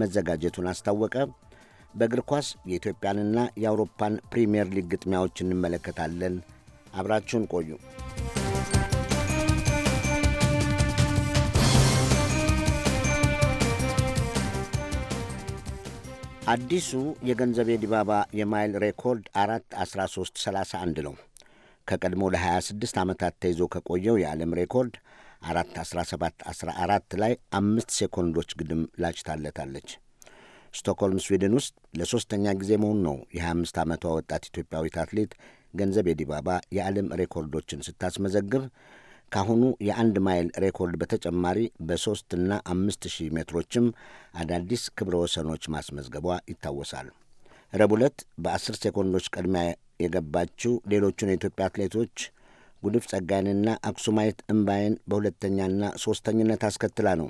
መዘጋጀቱን አስታወቀ። በእግር ኳስ የኢትዮጵያንና የአውሮፓን ፕሪምየር ሊግ ግጥሚያዎች እንመለከታለን። አብራችሁን ቆዩ። አዲሱ የገንዘቤ ዲባባ የማይል ሬኮርድ 4 13 31 ነው። ከቀድሞ ለ26 ዓመታት ተይዞ ከቆየው የዓለም ሬኮርድ 41714 ላይ አምስት ሴኮንዶች ግድም ላጭታለታለች። ስቶክሆልም ስዊድን ውስጥ ለሦስተኛ ጊዜ መሆኑ ነው የ25 ዓመቷ ወጣት ኢትዮጵያዊት አትሌት ገንዘቤ ዲባባ የዓለም ሬኮርዶችን ስታስመዘግብ ካሁኑ የአንድ ማይል ሬኮርድ በተጨማሪ በሦስትና አምስት ሺህ ሜትሮችም አዳዲስ ክብረ ወሰኖች ማስመዝገቧ ይታወሳል። ረቡዕ ዕለት በ10 ሴኮንዶች ቅድሚያ የገባችው ሌሎቹን የኢትዮጵያ አትሌቶች ጉድፍ ጸጋይንና አክሱማይት እምባይን በሁለተኛና ሦስተኝነት አስከትላ ነው።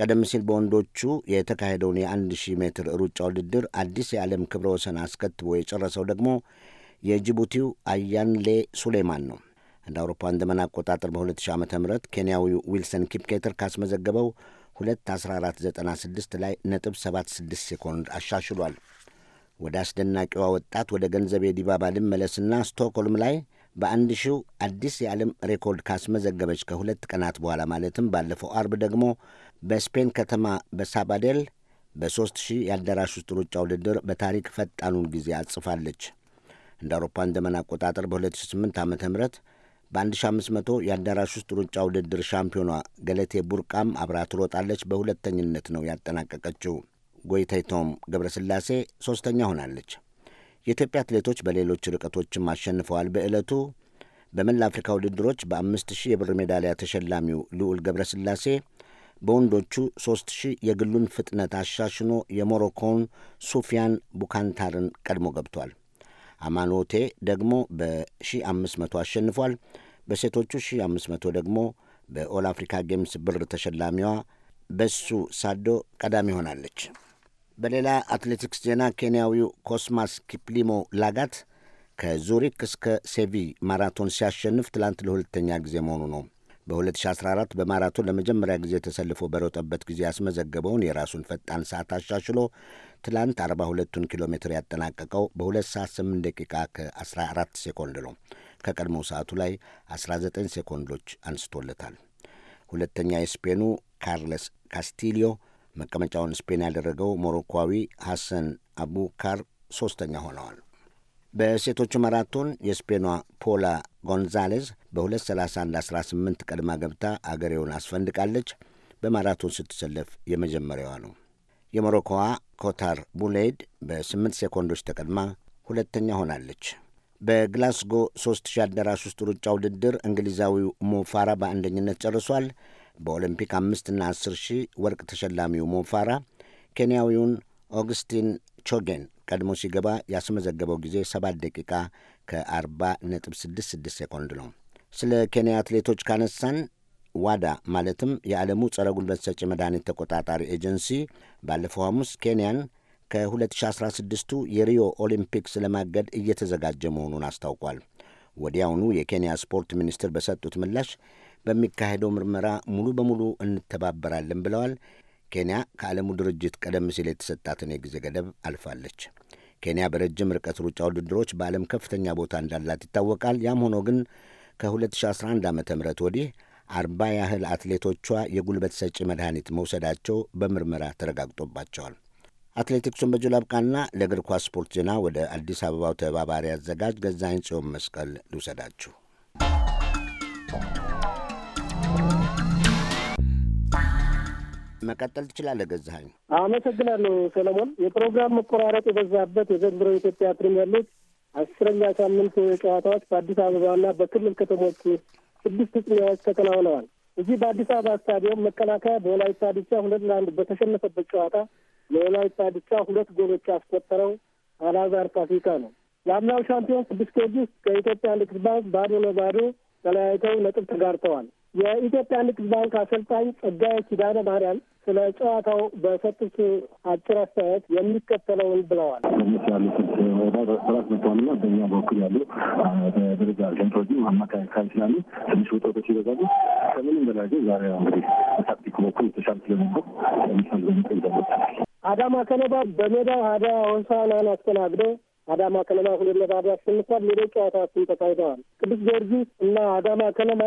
ቀደም ሲል በወንዶቹ የተካሄደውን የ1000 ሜትር ሩጫ ውድድር አዲስ የዓለም ክብረ ወሰን አስከትቦ የጨረሰው ደግሞ የጅቡቲው አያንሌ ሱሌማን ነው። እንደ አውሮፓውያን ዘመን አቆጣጠር በ2000 ዓ ም ኬንያዊው ዊልሰን ኪፕኬተር ካስመዘገበው 21496 ላይ ነጥብ 76 ሴኮንድ አሻሽሏል። ወደ አስደናቂዋ ወጣት ወደ ገንዘቤ ዲባባ ልመለስና ስቶክሆልም ላይ በአንድ ሺው አዲስ የዓለም ሬኮርድ ካስመዘገበች ከሁለት ቀናት በኋላ ማለትም ባለፈው አርብ ደግሞ በስፔን ከተማ በሳባዴል በሦስት ሺህ የአዳራሽ ውስጥ ሩጫ ውድድር በታሪክ ፈጣኑን ጊዜ አጽፋለች። እንደ አውሮፓን ዘመን አቆጣጠር በ2008 ዓ ም በ1500 የአዳራሽ ውስጥ ሩጫ ውድድር ሻምፒዮኗ ገለቴ ቡርቃም አብራ ትሮጣለች። በሁለተኝነት ነው ያጠናቀቀችው። ጎይታይቶም ገብረስላሴ ሦስተኛ ሆናለች። የኢትዮጵያ አትሌቶች በሌሎች ርቀቶችም አሸንፈዋል። በዕለቱ በመላ አፍሪካ ውድድሮች በአምስት ሺህ የብር ሜዳሊያ ተሸላሚው ልዑል ገብረስላሴ በወንዶቹ ሦስት ሺህ የግሉን ፍጥነት አሻሽኖ የሞሮኮውን ሱፊያን ቡካንታርን ቀድሞ ገብቷል። አማኖቴ ደግሞ በ1500 አሸንፏል። በሴቶቹ 1500 ደግሞ በኦል አፍሪካ ጌምስ ብር ተሸላሚዋ በሱ ሳዶ ቀዳሚ ሆናለች። በሌላ አትሌቲክስ ዜና ኬንያዊው ኮስማስ ኪፕሊሞ ላጋት ከዙሪክ እስከ ሴቪ ማራቶን ሲያሸንፍ ትላንት ለሁለተኛ ጊዜ መሆኑ ነው። በ2014 በማራቶን ለመጀመሪያ ጊዜ ተሰልፎ በሮጠበት ጊዜ ያስመዘገበውን የራሱን ፈጣን ሰዓት አሻሽሎ ትላንት 42ቱን ኪሎ ሜትር ያጠናቀቀው በ2 ሰዓት 8 ደቂቃ ከ14 ሴኮንድ ነው። ከቀድሞው ሰዓቱ ላይ 19 ሴኮንዶች አንስቶለታል። ሁለተኛ የስፔኑ ካርለስ ካስቲሊዮ መቀመጫውን ስፔን ያደረገው ሞሮኳዊ ሐሰን አቡካር ሦስተኛ ሆነዋል። በሴቶቹ ማራቶን የስፔኗ ፖላ ጎንዛሌዝ በ231 18 ቀድማ ገብታ አገሬውን አስፈንድቃለች። በማራቶን ስትሰለፍ የመጀመሪያዋ ነው። የሞሮኮዋ ኮታር ቡሌድ በ8 ሴኮንዶች ተቀድማ ሁለተኛ ሆናለች። በግላስጎ 3000 አዳራሽ ውስጥ ሩጫ ውድድር እንግሊዛዊው ሞፋራ በአንደኝነት ጨርሷል። በኦሎምፒክ አምስትና አስር ሺህ ወርቅ ተሸላሚው ሞፋራ ኬንያዊውን ኦግስቲን ቾጌን ቀድሞ ሲገባ ያስመዘገበው ጊዜ 7 ደቂቃ ከ40.66 ሴኮንድ ነው። ስለ ኬንያ አትሌቶች ካነሳን ዋዳ ማለትም የዓለሙ ጸረ ጉልበት ሰጪ መድኃኒት ተቆጣጣሪ ኤጀንሲ ባለፈው ሐሙስ ኬንያን ከ2016ቱ የሪዮ ኦሊምፒክስ ለማገድ እየተዘጋጀ መሆኑን አስታውቋል። ወዲያውኑ የኬንያ ስፖርት ሚኒስትር በሰጡት ምላሽ በሚካሄደው ምርመራ ሙሉ በሙሉ እንተባበራለን ብለዋል። ኬንያ ከዓለሙ ድርጅት ቀደም ሲል የተሰጣትን የጊዜ ገደብ አልፋለች። ኬንያ በረጅም ርቀት ሩጫ ውድድሮች በዓለም ከፍተኛ ቦታ እንዳላት ይታወቃል። ያም ሆኖ ግን ከ2011 ዓ ም ወዲህ አርባ ያህል አትሌቶቿ የጉልበት ሰጪ መድኃኒት መውሰዳቸው በምርመራ ተረጋግጦባቸዋል። አትሌቲክሱን በጁ ላብቃና ለእግር ኳስ ስፖርት ዜና ወደ አዲስ አበባው ተባባሪ አዘጋጅ ገዛኝ ጽዮን መስቀል ልውሰዳችሁ። መቀጠል ትችላለህ ገዛኸኝ። አመሰግናለሁ ሰለሞን። የፕሮግራም መቆራረጥ የበዛበት የዘንድሮ ኢትዮጵያ ፕሪምየር ሊግ አስረኛ ሳምንት ጨዋታዎች በአዲስ አበባና በክልል ከተሞች ስድስት ፍጻሜዎች ተከናውነዋል። እዚህ በአዲስ አበባ ስታዲየም መከላከያ በወላይታ ዲቻ ሁለት ለአንድ በተሸነፈበት ጨዋታ ለወላይታ ዲቻ ሁለት ጎሎች ያስቆጠረው አላዛር ፋሲካ ነው። የአምናው ሻምፒዮን ቅዱስ ጊዮርጊስ ከኢትዮጵያ ንግድ ባንክ ባዶ ለባዶ ተለያይተው ነጥብ ተጋርተዋል። የኢትዮጵያ ንግድ ባንክ አሰልጣኝ ጸጋዬ ኪዳነ ማርያም ስለ ጨዋታው በሰጡት አጭር አስተያየት የሚከተለውን ብለዋል። ያሉት ወዳ በራት መጥተዋልና በኛ በኩል ያሉ በደረጃ ሸንቶጂ አማካኝ ካል ስላሉ ትንሽ ውጥረቶች ይበዛሉ። ከምንም በላይ ግን ዛሬ እንግዲህ በታክቲክ በኩል የተሻለ ስለሚቆም የሚሻል በሚጠ ይዘሉታል። አዳማ ከነባ በሜዳው ሀዲያ ሆሳዕናን አስተናግዶ አዳማ ከነማ ሁለት ለባዶ አሸንፏል። ሌሎች ጨዋታዎችም ተካሂደዋል። ቅዱስ ጊዮርጊስ እና አዳማ ከነማ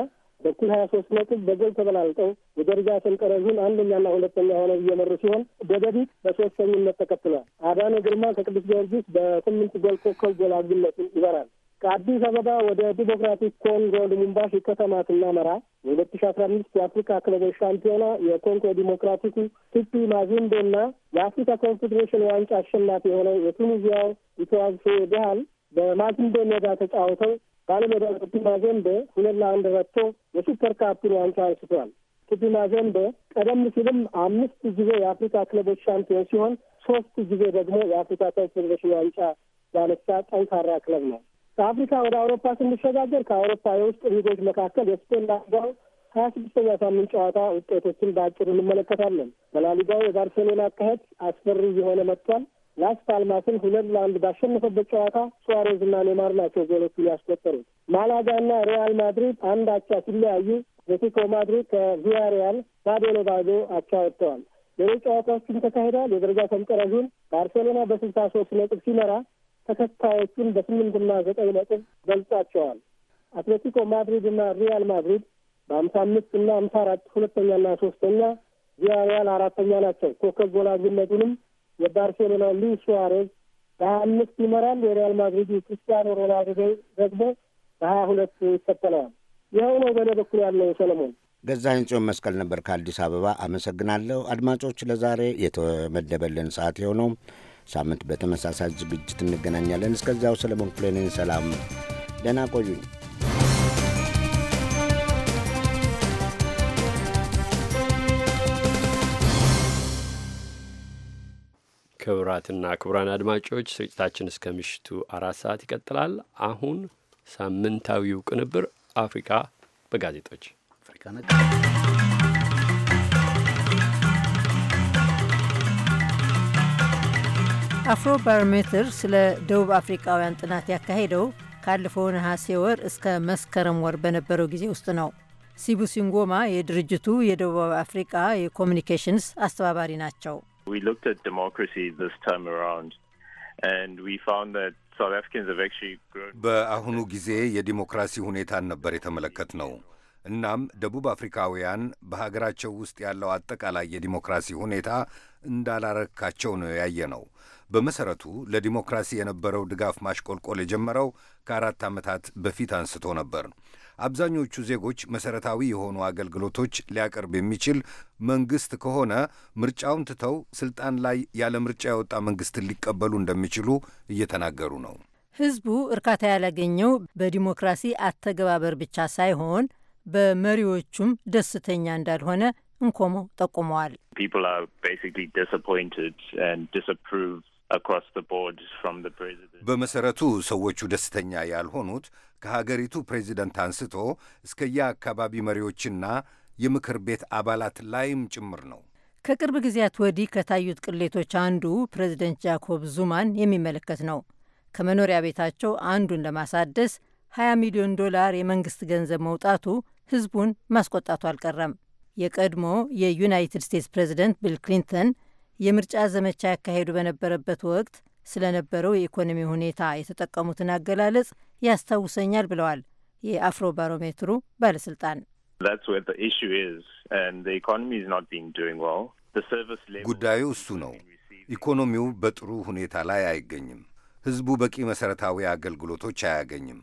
በኩል ሀያ ሶስት ነጥብ በጎል ተበላልጠው የደረጃ ሰንጠረዡን አንደኛና ሁለተኛ ሆነው እየመሩ ሲሆን ደደቢት በሶስተኝነት ተከትሏል። አዳነ ግርማ ከቅዱስ ጊዮርጊስ በስምንት ጎል ኮከብ ጎል አግቢነቱን ይበራል። ከአዲስ አበባ ወደ ዲሞክራቲክ ኮንጎ ሉሙምባሺ ከተማ ስናመራ የሁለት ሺ አስራ አምስት የአፍሪካ ክለቦች ሻምፒዮና የኮንጎ ዲሞክራቲኩ ቲፒ ማዚምቤና የአፍሪካ ኮንፌዴሬሽን ዋንጫ አሸናፊ የሆነው የቱኒዚያው ኢቶዋዝ ዳሃል በማዚምቤ ሜዳ ተጫውተው ባለሜዳ ቱፒ ማዜምቤ ሁለት ለአንድ ረትቶ የሱፐር ካፑን ዋንጫ አንስቷል። ቱፒ ማዜምቤ ቀደም ሲልም አምስት ጊዜ የአፍሪካ ክለቦች ሻምፒዮን ሲሆን ሶስት ጊዜ ደግሞ የአፍሪካ ኮንፌዴሬሽን ዋንጫ ያነሳ ጠንካራ ክለብ ነው። ከአፍሪካ ወደ አውሮፓ ስንሸጋገር ከአውሮፓ የውስጥ ሊጎች መካከል የስፔን ላሊጋው ሀያ ስድስተኛ ሳምንት ጨዋታ ውጤቶችን በአጭሩ እንመለከታለን። በላሊጋው የባርሴሎና አካሄድ አስፈሪ እየሆነ መጥቷል። ላስ ፓልማስን ሁለት ለአንድ ባሸነፈበት ጨዋታ ሱዋሬዝ ሱዋሬዝና ኔማር ናቸው ጎሎቹን ያስቆጠሩት። ማላጋና ሪያል ማድሪድ አንድ አቻ ሲለያዩ አትሌቲኮ ማድሪድ ከቪያሪያል ባዶ ለባዶ አቻ ወጥተዋል። ሌሎች ጨዋታዎችም ተካሂደዋል። የደረጃ ሰንጠረዡን ባርሴሎና በስልሳ ሶስት ነጥብ ሲመራ ተከታዮቹን በስምንትና ዘጠኝ ነጥብ በልጧቸዋል። አትሌቲኮ ማድሪድ እና ሪያል ማድሪድ በአምሳ አምስት እና አምሳ አራት ሁለተኛና ሶስተኛ፣ ቪያሪያል አራተኛ ናቸው። ኮከብ ጎል አግቢነቱንም የባርሴሎና ሉዊስ ሱዋሬዝ በሀያ አምስት ይመራል። የሪያል ማድሪድ ክርስቲያኖ ሮናልዶ ደግሞ በሀያ ሁለት ይከተለዋል። ይኸው ነው በእኔ በኩል ያለው ሰለሞን። ገዛኸኝ ጽዮን መስቀል ነበር ከአዲስ አበባ አመሰግናለሁ። አድማጮች፣ ለዛሬ የተመደበልን ሰዓት የሆነው ሳምንት በተመሳሳይ ዝግጅት እንገናኛለን። እስከዚያው ሰለሞን ክፍሌ ነኝ። ሰላም፣ ደህና ቆዩኝ። ክቡራትና ክቡራን አድማጮች ስርጭታችን እስከ ምሽቱ አራት ሰዓት ይቀጥላል። አሁን ሳምንታዊው ቅንብር አፍሪካ በጋዜጦች አፍሪካ አፍሮ ባሮሜትር ስለ ደቡብ አፍሪካውያን ጥናት ያካሄደው ካለፈው ነሐሴ ወር እስከ መስከረም ወር በነበረው ጊዜ ውስጥ ነው። ሲቡሲንጎማ የድርጅቱ የደቡብ አፍሪቃ የኮሚኒኬሽንስ አስተባባሪ ናቸው። We looked at democracy this time around and we found that በአሁኑ ጊዜ የዲሞክራሲ ሁኔታን ነበር የተመለከት ነው። እናም ደቡብ አፍሪካውያን በሀገራቸው ውስጥ ያለው አጠቃላይ የዲሞክራሲ ሁኔታ እንዳላረካቸው ነው ያየ ነው። በመሰረቱ ለዲሞክራሲ የነበረው ድጋፍ ማሽቆልቆል የጀመረው ከአራት ዓመታት በፊት አንስቶ ነበር። አብዛኞቹ ዜጎች መሰረታዊ የሆኑ አገልግሎቶች ሊያቀርብ የሚችል መንግስት ከሆነ ምርጫውን ትተው ስልጣን ላይ ያለ ምርጫ የወጣ መንግሥትን ሊቀበሉ እንደሚችሉ እየተናገሩ ነው። ህዝቡ እርካታ ያላገኘው በዲሞክራሲ አተገባበር ብቻ ሳይሆን በመሪዎቹም ደስተኛ እንዳልሆነ እንኮሞ ጠቁመዋል። በመሰረቱ ሰዎቹ ደስተኛ ያልሆኑት ከሀገሪቱ ፕሬዚደንት አንስቶ እስከየአካባቢ መሪዎችና የምክር ቤት አባላት ላይም ጭምር ነው። ከቅርብ ጊዜያት ወዲህ ከታዩት ቅሌቶች አንዱ ፕሬዚደንት ጃኮብ ዙማን የሚመለከት ነው። ከመኖሪያ ቤታቸው አንዱን ለማሳደስ 20 ሚሊዮን ዶላር የመንግስት ገንዘብ መውጣቱ ህዝቡን ማስቆጣቱ አልቀረም። የቀድሞ የዩናይትድ ስቴትስ ፕሬዚደንት ቢል ክሊንተን የምርጫ ዘመቻ ያካሄዱ በነበረበት ወቅት ስለነበረው የኢኮኖሚ ሁኔታ የተጠቀሙትን አገላለጽ ያስታውሰኛል ብለዋል የአፍሮ ባሮሜትሩ ባለስልጣን። ጉዳዩ እሱ ነው። ኢኮኖሚው በጥሩ ሁኔታ ላይ አይገኝም። ህዝቡ በቂ መሠረታዊ አገልግሎቶች አያገኝም።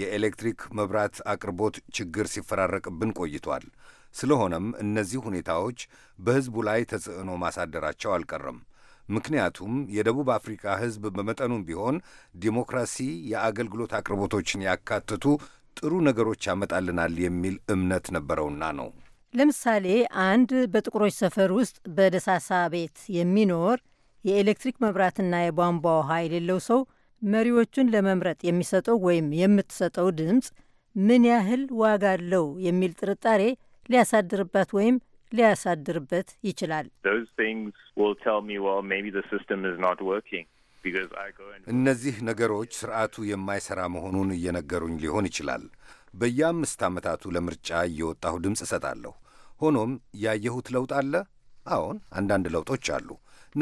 የኤሌክትሪክ መብራት አቅርቦት ችግር ሲፈራረቅብን ቆይቷል። ስለሆነም እነዚህ ሁኔታዎች በሕዝቡ ላይ ተጽዕኖ ማሳደራቸው አልቀረም። ምክንያቱም የደቡብ አፍሪካ ሕዝብ በመጠኑም ቢሆን ዲሞክራሲ፣ የአገልግሎት አቅርቦቶችን ያካትቱ ጥሩ ነገሮች ያመጣልናል የሚል እምነት ነበረውና ነው። ለምሳሌ አንድ በጥቁሮች ሰፈር ውስጥ በደሳሳ ቤት የሚኖር የኤሌክትሪክ መብራትና የቧንቧ ውሃ የሌለው ሰው መሪዎቹን ለመምረጥ የሚሰጠው ወይም የምትሰጠው ድምፅ ምን ያህል ዋጋ አለው የሚል ጥርጣሬ ሊያሳድርባት ወይም ሊያሳድርበት ይችላል። እነዚህ ነገሮች ስርዓቱ የማይሰራ መሆኑን እየነገሩኝ ሊሆን ይችላል። በየአምስት ዓመታቱ ለምርጫ እየወጣሁ ድምፅ እሰጣለሁ። ሆኖም ያየሁት ለውጥ አለ። አዎን፣ አንዳንድ ለውጦች አሉ፣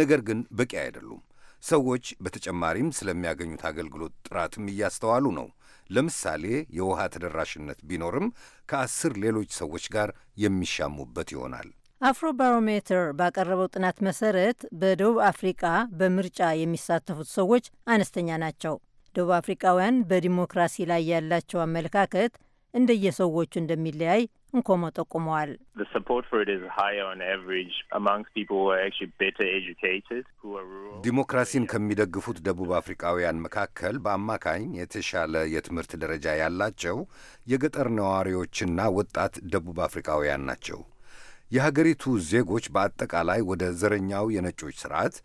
ነገር ግን በቂ አይደሉም። ሰዎች በተጨማሪም ስለሚያገኙት አገልግሎት ጥራትም እያስተዋሉ ነው። ለምሳሌ የውሃ ተደራሽነት ቢኖርም ከአስር ሌሎች ሰዎች ጋር የሚሻሙበት ይሆናል። አፍሮ ባሮሜትር ባቀረበው ጥናት መሰረት በደቡብ አፍሪቃ በምርጫ የሚሳተፉት ሰዎች አነስተኛ ናቸው። ደቡብ አፍሪቃውያን በዲሞክራሲ ላይ ያላቸው አመለካከት እንደየሰዎቹ እንደሚለያይ እንኮሞ ጠቁመዋል። ዲሞክራሲን ከሚደግፉት ደቡብ አፍሪካውያን መካከል በአማካኝ የተሻለ የትምህርት ደረጃ ያላቸው የገጠር ነዋሪዎችና ወጣት ደቡብ አፍሪካውያን ናቸው። የሀገሪቱ ዜጎች በአጠቃላይ ወደ ዘረኛው የነጮች ስርዓት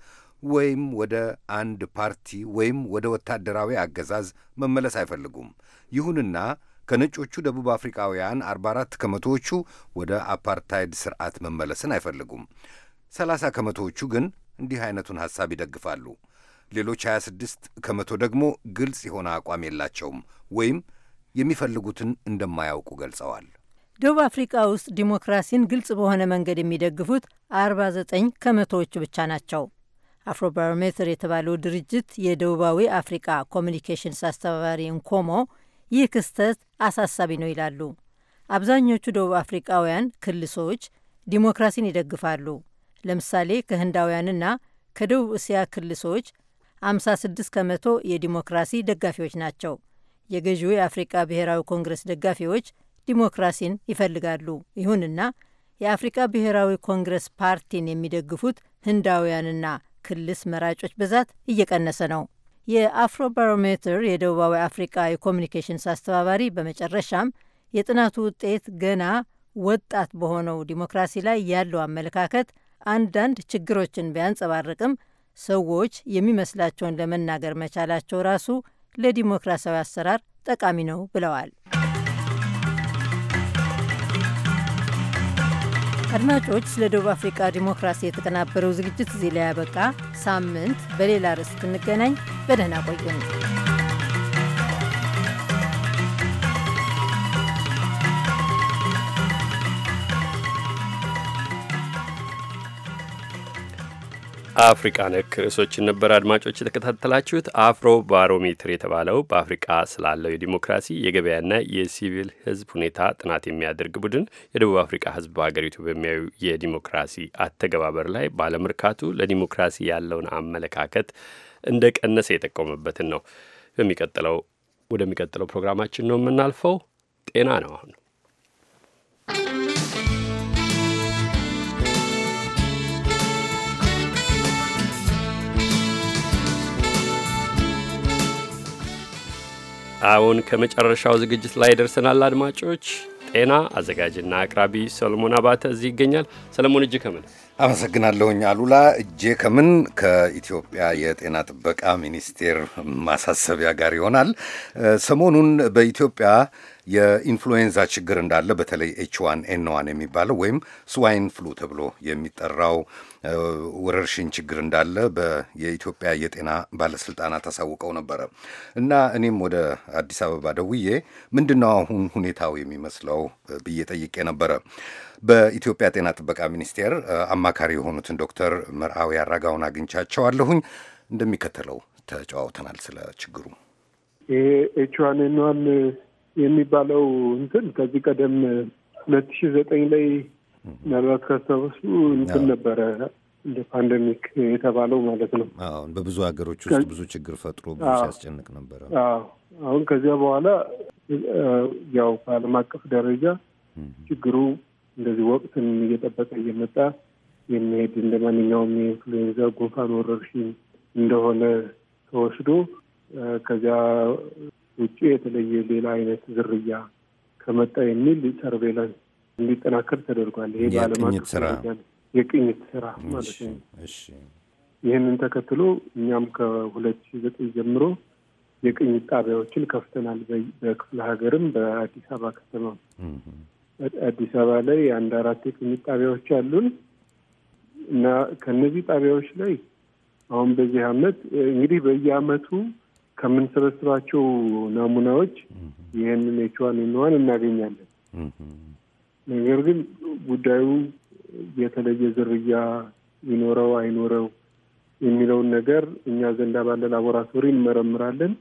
ወይም ወደ አንድ ፓርቲ ወይም ወደ ወታደራዊ አገዛዝ መመለስ አይፈልጉም። ይሁንና ከነጮቹ ደቡብ አፍሪካውያን 44 ከመቶዎቹ ወደ አፓርታይድ ስርዓት መመለስን አይፈልጉም። 30 ከመቶዎቹ ግን እንዲህ አይነቱን ሐሳብ ይደግፋሉ። ሌሎች 26 ከመቶ ደግሞ ግልጽ የሆነ አቋም የላቸውም ወይም የሚፈልጉትን እንደማያውቁ ገልጸዋል። ደቡብ አፍሪካ ውስጥ ዲሞክራሲን ግልጽ በሆነ መንገድ የሚደግፉት 49 ከመቶዎቹ ብቻ ናቸው። አፍሮባሮሜትር የተባለው ድርጅት የደቡባዊ አፍሪካ ኮሚኒኬሽንስ አስተባባሪ እንኮሞ ይህ ክስተት አሳሳቢ ነው ይላሉ። አብዛኞቹ ደቡብ አፍሪቃውያን ክልሶች ዲሞክራሲን ይደግፋሉ። ለምሳሌ ከህንዳውያንና ከደቡብ እስያ ክልሶች 56 ከመቶ የዲሞክራሲ ደጋፊዎች ናቸው። የገዢው የአፍሪቃ ብሔራዊ ኮንግረስ ደጋፊዎች ዲሞክራሲን ይፈልጋሉ። ይሁንና የአፍሪቃ ብሔራዊ ኮንግረስ ፓርቲን የሚደግፉት ህንዳውያንና ክልስ መራጮች ብዛት እየቀነሰ ነው። የአፍሮባሮሜትር የደቡባዊ አፍሪቃ የኮሚኒኬሽንስ አስተባባሪ በመጨረሻም የጥናቱ ውጤት ገና ወጣት በሆነው ዲሞክራሲ ላይ ያለው አመለካከት አንዳንድ ችግሮችን ቢያንጸባርቅም ሰዎች የሚመስላቸውን ለመናገር መቻላቸው ራሱ ለዲሞክራሲያዊ አሰራር ጠቃሚ ነው ብለዋል። አድማጮች፣ ስለ ደቡብ አፍሪካ ዲሞክራሲ የተቀናበረው ዝግጅት እዚህ ላይ ያበቃ። ሳምንት በሌላ ርዕስ እንገናኝ። በደህና ቆዩን። አፍሪቃ ነክ ርዕሶችን ነበር አድማጮች የተከታተላችሁት። አፍሮ ባሮሜትር የተባለው በአፍሪቃ ስላለው የዲሞክራሲ የገበያና የሲቪል ሕዝብ ሁኔታ ጥናት የሚያደርግ ቡድን የደቡብ አፍሪቃ ሕዝብ በሀገሪቱ በሚያዩ የዲሞክራሲ አተገባበር ላይ ባለመርካቱ ለዲሞክራሲ ያለውን አመለካከት እንደቀነሰ የጠቆመበትን ነው። በሚቀጥለው ወደሚቀጥለው ፕሮግራማችን ነው የምናልፈው። ጤና ነው አሁን አሁን ከመጨረሻው ዝግጅት ላይ ደርሰናል። አድማጮች ጤና አዘጋጅና አቅራቢ ሰሎሞን አባተ እዚህ ይገኛል። ሰለሞን እጅ ከምን አመሰግናለሁኝ። አሉላ እጄ ከምን ከኢትዮጵያ የጤና ጥበቃ ሚኒስቴር ማሳሰቢያ ጋር ይሆናል። ሰሞኑን በኢትዮጵያ የኢንፍሉዌንዛ ችግር እንዳለ በተለይ ኤች ዋን ኤን ዋን የሚባለው ወይም ስዋይን ፍሉ ተብሎ የሚጠራው ወረርሽኝ ችግር እንዳለ የኢትዮጵያ የጤና ባለስልጣናት አሳውቀው ነበረ እና እኔም ወደ አዲስ አበባ ደውዬ ምንድን ነው አሁን ሁኔታው የሚመስለው ብዬ ጠይቄ ነበረ። በኢትዮጵያ ጤና ጥበቃ ሚኒስቴር አማካሪ የሆኑትን ዶክተር መርአዊ አራጋውን አግኝቻቸዋለሁኝ። እንደሚከተለው ተጨዋውተናል ስለ ችግሩ። ይሄ ኤች ዋን ኤን ዋን የሚባለው እንትን ከዚህ ቀደም ሁለት ሺህ ዘጠኝ ላይ ምናልባት ካስታወሱ እንትን ነበረ እንደ ፓንደሚክ የተባለው ማለት ነው። አሁን በብዙ ሀገሮች ውስጥ ብዙ ችግር ፈጥሮ ብዙ ሲያስጨንቅ ነበረ። አሁን ከዚያ በኋላ ያው በዓለም አቀፍ ደረጃ ችግሩ እንደዚህ ወቅትን እየጠበቀ እየመጣ የሚሄድ እንደ ማንኛውም የኢንፍሉዌንዛ ጉንፋን ወረርሽኝ እንደሆነ ተወስዶ ከዚያ ውጭ የተለየ ሌላ አይነት ዝርያ ከመጣ የሚል ሰርቬላንስ እንዲጠናከር ተደርጓል። ይሄ በዓለም አቀፍ የቅኝት ስራ ማለት ነው። ይህንን ተከትሎ እኛም ከሁለት ሺህ ዘጠኝ ጀምሮ የቅኝት ጣቢያዎችን ከፍተናል። በክፍለ ሀገርም በአዲስ አበባ ከተማ አዲስ አበባ ላይ አንድ አራት የቅኝት ጣቢያዎች አሉን እና ከነዚህ ጣቢያዎች ላይ አሁን በዚህ አመት እንግዲህ በየአመቱ ከምንሰበስባቸው ናሙናዎች ይህንን ኤችዋን ኤንዋን እናገኛለን። ነገር ግን ጉዳዩ የተለየ ዝርያ ይኖረው አይኖረው የሚለውን ነገር እኛ ዘንዳ ባለ ላቦራቶሪ እንመረምራለን።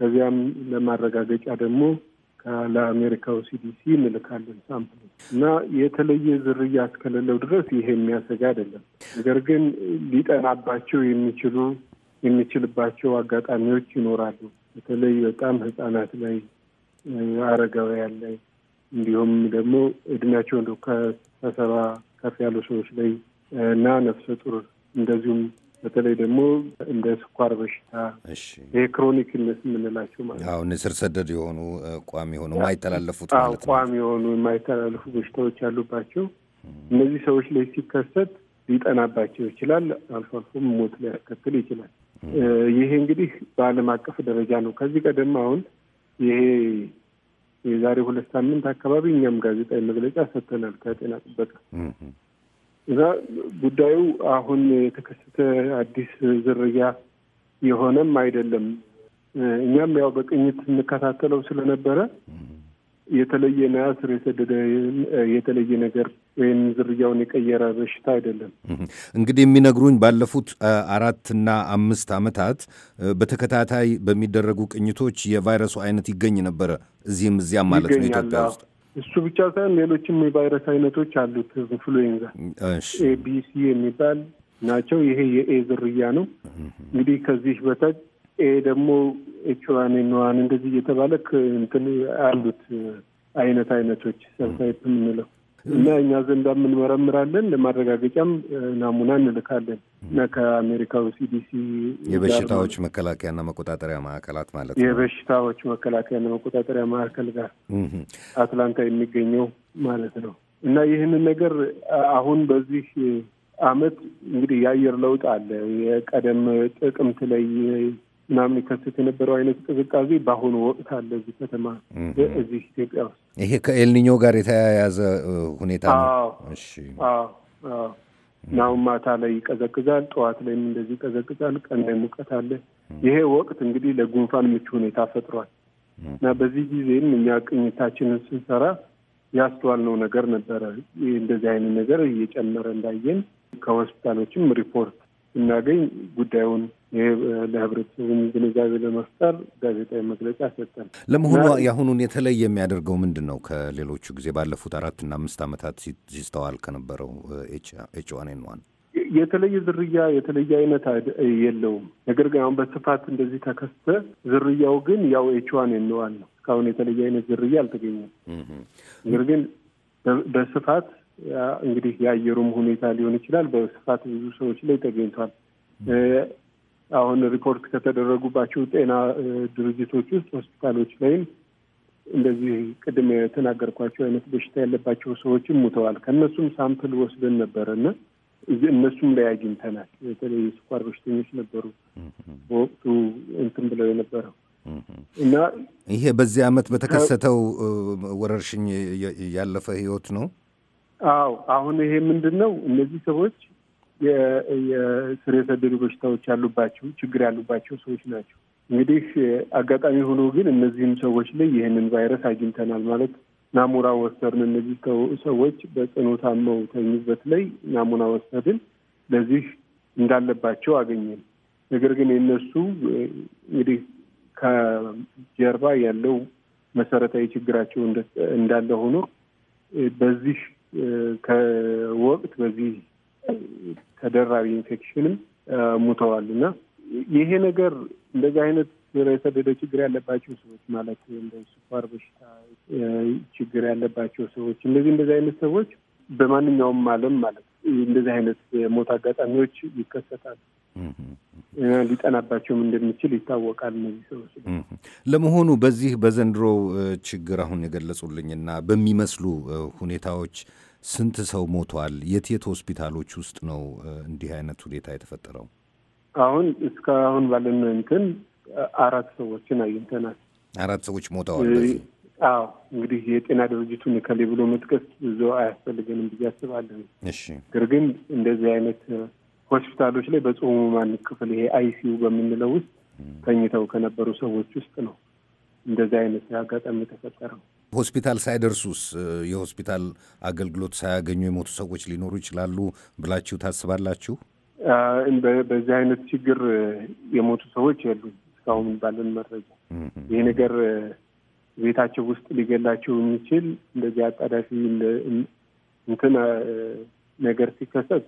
ከዚያም ለማረጋገጫ ደግሞ ለአሜሪካው ሲዲሲ እንልካለን ሳምፕል እና የተለየ ዝርያ እስከሌለው ድረስ ይሄ የሚያሰጋ አይደለም። ነገር ግን ሊጠናባቸው የሚችሉ የሚችልባቸው አጋጣሚዎች ይኖራሉ። በተለይ በጣም ሕጻናት ላይ አረጋውያን ላይ እንዲሁም ደግሞ እድሜያቸው እንደ ከሰባ ከፍ ያሉ ሰዎች ላይ እና ነፍሰ ጡር እንደዚሁም በተለይ ደግሞ እንደ ስኳር በሽታ ይሄ ክሮኒክነት የምንላቸው ማለት ነው። ስር ሰደድ የሆኑ ቋሚ የሆኑ የማይተላለፉት ማለት ነው። ቋሚ የሆኑ የማይተላለፉ በሽታዎች ያሉባቸው እነዚህ ሰዎች ላይ ሲከሰት ሊጠናባቸው ይችላል። አልፎ አልፎም ሞት ሊያስከትል ይችላል። ይሄ እንግዲህ በዓለም አቀፍ ደረጃ ነው። ከዚህ ቀደም አሁን ይሄ የዛሬ ሁለት ሳምንት አካባቢ እኛም ጋዜጣዊ መግለጫ ሰጥተናል ከጤና ጥበቃ እና ጉዳዩ አሁን የተከሰተ አዲስ ዝርያ የሆነም አይደለም። እኛም ያው በቅኝት እንከታተለው ስለነበረ የተለየ ነስር የሰደደ የተለየ ነገር ወይም ዝርያውን የቀየረ በሽታ አይደለም። እንግዲህ የሚነግሩኝ ባለፉት አራትና አምስት ዓመታት በተከታታይ በሚደረጉ ቅኝቶች የቫይረሱ አይነት ይገኝ ነበረ እዚህም እዚያም ማለት ነው ኢትዮጵያ ውስጥ። እሱ ብቻ ሳይሆን ሌሎችም የቫይረስ አይነቶች አሉት። ኢንፍሉዌንዛ ኤቢሲ የሚባል ናቸው። ይሄ የኤ ዝርያ ነው። እንግዲህ ከዚህ በታች ኤ ደግሞ ኤች ዋን ኤን እንደዚህ እየተባለ እንትን አሉት አይነት አይነቶች ሰብሳይፕ የምንለው እና እኛ ዘንዳ የምንመረምራለን፣ ለማረጋገጫም ናሙና እንልካለን እና ከአሜሪካው ሲዲሲ የበሽታዎች መከላከያና መቆጣጠሪያ ማዕከላት ማለት ነው የበሽታዎች መከላከያና መቆጣጠሪያ ማዕከል ጋር አትላንታ የሚገኘው ማለት ነው እና ይህንን ነገር አሁን በዚህ አመት እንግዲህ የአየር ለውጥ አለ። የቀደም ጥቅምት ላይ ምናምን ይከሰት የነበረው አይነት ቅዝቃዜ በአሁኑ ወቅት አለ እዚህ ከተማ እዚህ ኢትዮጵያ ውስጥ ይሄ ከኤልኒኞ ጋር የተያያዘ ሁኔታ ነው። ማታ ላይ ይቀዘቅዛል፣ ጠዋት ላይም እንደዚህ ይቀዘቅዛል፣ ቀን ላይ ሙቀት አለ። ይሄ ወቅት እንግዲህ ለጉንፋን ምቹ ሁኔታ ፈጥሯል እና በዚህ ጊዜም እኛ ቅኝታችንን ስንሰራ ያስተዋልነው ነገር ነበረ። እንደዚህ አይነት ነገር እየጨመረ እንዳየን ከሆስፒታሎችም ሪፖርት ስናገኝ ጉዳዩን ይህ ለህብረተሰቡም ግንዛቤ ለመፍጠር ጋዜጣዊ መግለጫ ሰጠን። ለመሆኑ የአሁኑን የተለየ የሚያደርገው ምንድን ነው? ከሌሎቹ ጊዜ ባለፉት አራትና አምስት ዓመታት ሲስተዋል ከነበረው ኤች ዋን ኤን ዋን የተለየ ዝርያ የተለየ አይነት የለውም። ነገር ግን አሁን በስፋት እንደዚህ ተከስተ ዝርያው ግን ያው ኤች ዋን ኤን ዋን ነው። እስካሁን የተለየ አይነት ዝርያ አልተገኘም። ነገር ግን በስፋት እንግዲህ የአየሩም ሁኔታ ሊሆን ይችላል። በስፋት ብዙ ሰዎች ላይ ተገኝቷል። አሁን ሪፖርት ከተደረጉባቸው ጤና ድርጅቶች ውስጥ ሆስፒታሎች ላይም እንደዚህ ቅድም የተናገርኳቸው አይነት በሽታ ያለባቸው ሰዎችም ሙተዋል። ከእነሱም ሳምፕል ወስደን ነበረ እና እነሱም ላይ አግኝተናል። የተለይ ስኳር በሽተኞች ነበሩ በወቅቱ እንትን ብለው የነበረው እና ይሄ በዚህ ዓመት በተከሰተው ወረርሽኝ ያለፈ ህይወት ነው። አዎ አሁን ይሄ ምንድን ነው እነዚህ ሰዎች የስር የሰደዱ በሽታዎች ያሉባቸው ችግር ያሉባቸው ሰዎች ናቸው። እንግዲህ አጋጣሚ ሆኖ ግን እነዚህም ሰዎች ላይ ይህንን ቫይረስ አግኝተናል ማለት ናሙና ወሰድን። እነዚህ ሰዎች በጽኑ ታመው ተኙበት ላይ ናሙና ወሰድን። ለዚህ እንዳለባቸው አገኘን። ነገር ግን የእነሱ እንግዲህ ከጀርባ ያለው መሰረታዊ ችግራቸው እንዳለ ሆኖ በዚህ ከወቅት በዚህ ተደራቢ ኢንፌክሽንም ሙተዋል እና ይሄ ነገር እንደዚህ አይነት ስር የሰደደ ችግር ያለባቸው ሰዎች ማለት እንደ ስኳር በሽታ ችግር ያለባቸው ሰዎች እንደዚህ እንደዚህ አይነት ሰዎች በማንኛውም ዓለም ማለት እንደዚህ አይነት የሞት አጋጣሚዎች ይከሰታል። ሊጠናባቸውም እንደሚችል ይታወቃል። እነዚህ ሰዎች ለመሆኑ በዚህ በዘንድሮ ችግር አሁን የገለጹልኝና በሚመስሉ ሁኔታዎች ስንት ሰው ሞቷል? የት የት ሆስፒታሎች ውስጥ ነው እንዲህ አይነት ሁኔታ የተፈጠረው? አሁን እስካሁን ባለን እንትን አራት ሰዎችን አግኝተናል። አራት ሰዎች ሞተዋል። አዎ እንግዲህ የጤና ድርጅቱን ከሌ ብሎ መጥቀስ ብዙ አያስፈልገንም ብዬ አስባለሁ። እሺ ግን እንደዚህ አይነት ሆስፒታሎች ላይ በጽሁሙ ማን ክፍል ይሄ አይሲዩ በምንለው ውስጥ ተኝተው ከነበሩ ሰዎች ውስጥ ነው እንደዚህ አይነት አጋጣሚ የተፈጠረው። ሆስፒታል ሳይደርሱስ የሆስፒታል አገልግሎት ሳያገኙ የሞቱ ሰዎች ሊኖሩ ይችላሉ ብላችሁ ታስባላችሁ? በዚህ አይነት ችግር የሞቱ ሰዎች የሉ። እስካሁን ባለን መረጃ ይህ ነገር ቤታቸው ውስጥ ሊገላቸው የሚችል እንደዚህ አጣዳፊ እንትን ነገር ሲከሰት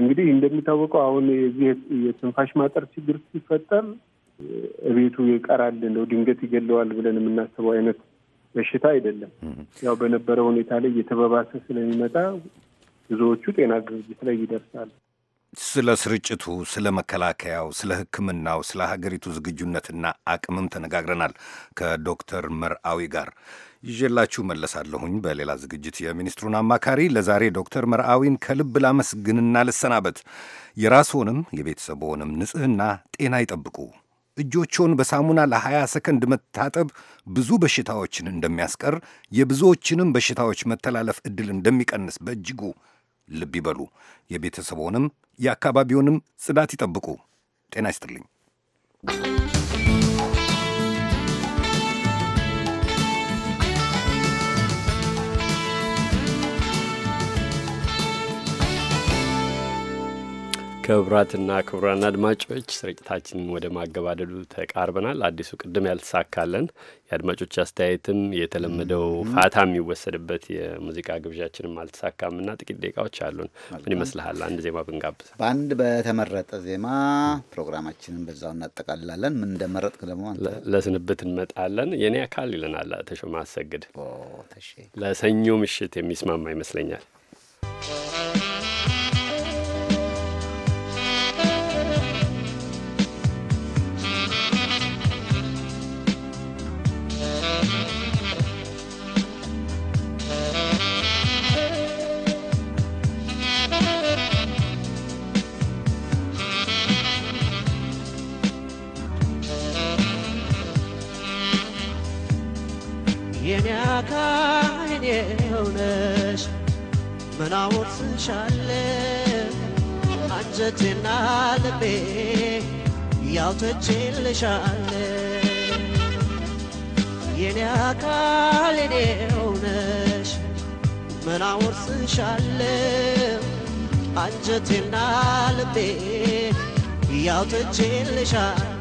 እንግዲህ እንደሚታወቀው አሁን የዚህ የትንፋሽ ማጠር ችግር ሲፈጠር ቤቱ ይቀራል፣ እንደው ድንገት ይገለዋል ብለን የምናስበው አይነት በሽታ አይደለም። ያው በነበረ ሁኔታ ላይ እየተበባሰ ስለሚመጣ ብዙዎቹ ጤና ድርጅት ላይ ይደርሳል። ስለ ስርጭቱ፣ ስለ መከላከያው፣ ስለ ሕክምናው፣ ስለ ሀገሪቱ ዝግጁነትና አቅምም ተነጋግረናል ከዶክተር መርአዊ ጋር ይዤላችሁ መለሳለሁኝ በሌላ ዝግጅት። የሚኒስትሩን አማካሪ ለዛሬ ዶክተር መርአዊን ከልብ ላመስግንና ልሰናበት። የራስዎንም የቤተሰብዎንም ንጽህና ጤና ይጠብቁ። እጆችዎን በሳሙና ለ20 ሰከንድ መታጠብ ብዙ በሽታዎችን እንደሚያስቀር የብዙዎችንም በሽታዎች መተላለፍ ዕድል እንደሚቀንስ በእጅጉ ልብ ይበሉ። የቤተሰቦንም የአካባቢውንም ጽዳት ይጠብቁ። ጤና ይስጥልኝ። ክቡራትና ክቡራን አድማጮች ስርጭታችንን ወደ ማገባደዱ ተቃርበናል። አዲሱ ቅድም ያልተሳካለን የአድማጮች አስተያየትም የተለመደው ፋታ የሚወሰድበት የሙዚቃ ግብዣችንም አልተሳካምና ጥቂት ደቂቃዎች አሉን። ምን ይመስልሃል አንድ ዜማ ብንጋብዝ? በአንድ በተመረጠ ዜማ ፕሮግራማችንን በዛው እናጠቃልላለን። ምን እንደመረጥክ ደግሞ ለስንብት እንመጣለን። የእኔ አካል ይለናል ተሾማ አሰግድ። ለሰኞ ምሽት የሚስማማ ይመስለኛል። ናወት አንጀቴና ልቤ ያውተቼልሻለ የኔ አካል ሆነሽ ስንሻለ አንጀቴና ልቤ ያውተቼልሻለ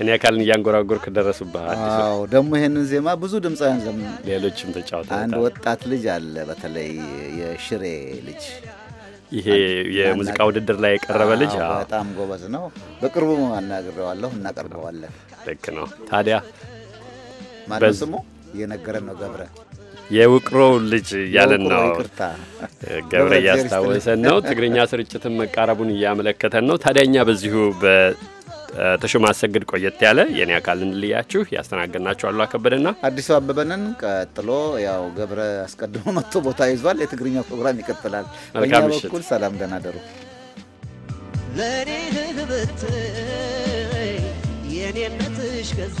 እኔ አካልን እያንጎራጎር ከደረሱብሃል። አዎ ደግሞ ይሄንን ዜማ ብዙ ድምፃውያን ዘም ሌሎችም ተጫወተ። አንድ ወጣት ልጅ አለ፣ በተለይ የሽሬ ልጅ ይሄ የሙዚቃ ውድድር ላይ የቀረበ ልጅ በጣም ጎበዝ ነው። በቅርቡ አናግሬዋለሁ፣ እናቀርበዋለን። ልክ ነው። ታዲያ ማነው ስሙ? እየነገረን ነው ገብረ የውቅሮው ልጅ እያለን ነው። ገብረ እያስታወሰን ነው። ትግርኛ ስርጭትን መቃረቡን እያመለከተን ነው። ታዲያኛ በዚሁ በተሾመ አሰግድ ቆየት ያለ የኔ አካል እንልያችሁ ያስተናገድናችሁ አሉ አከበደና አዲሱ አበበንን። ቀጥሎ ያው ገብረ አስቀድሞ መጥቶ ቦታ ይዟል። የትግርኛ ፕሮግራም ይቀጥላል። በእኛ በኩል ሰላም፣ ደህና ደሩ። ለእኔ ህብት የኔነትሽ ገዛ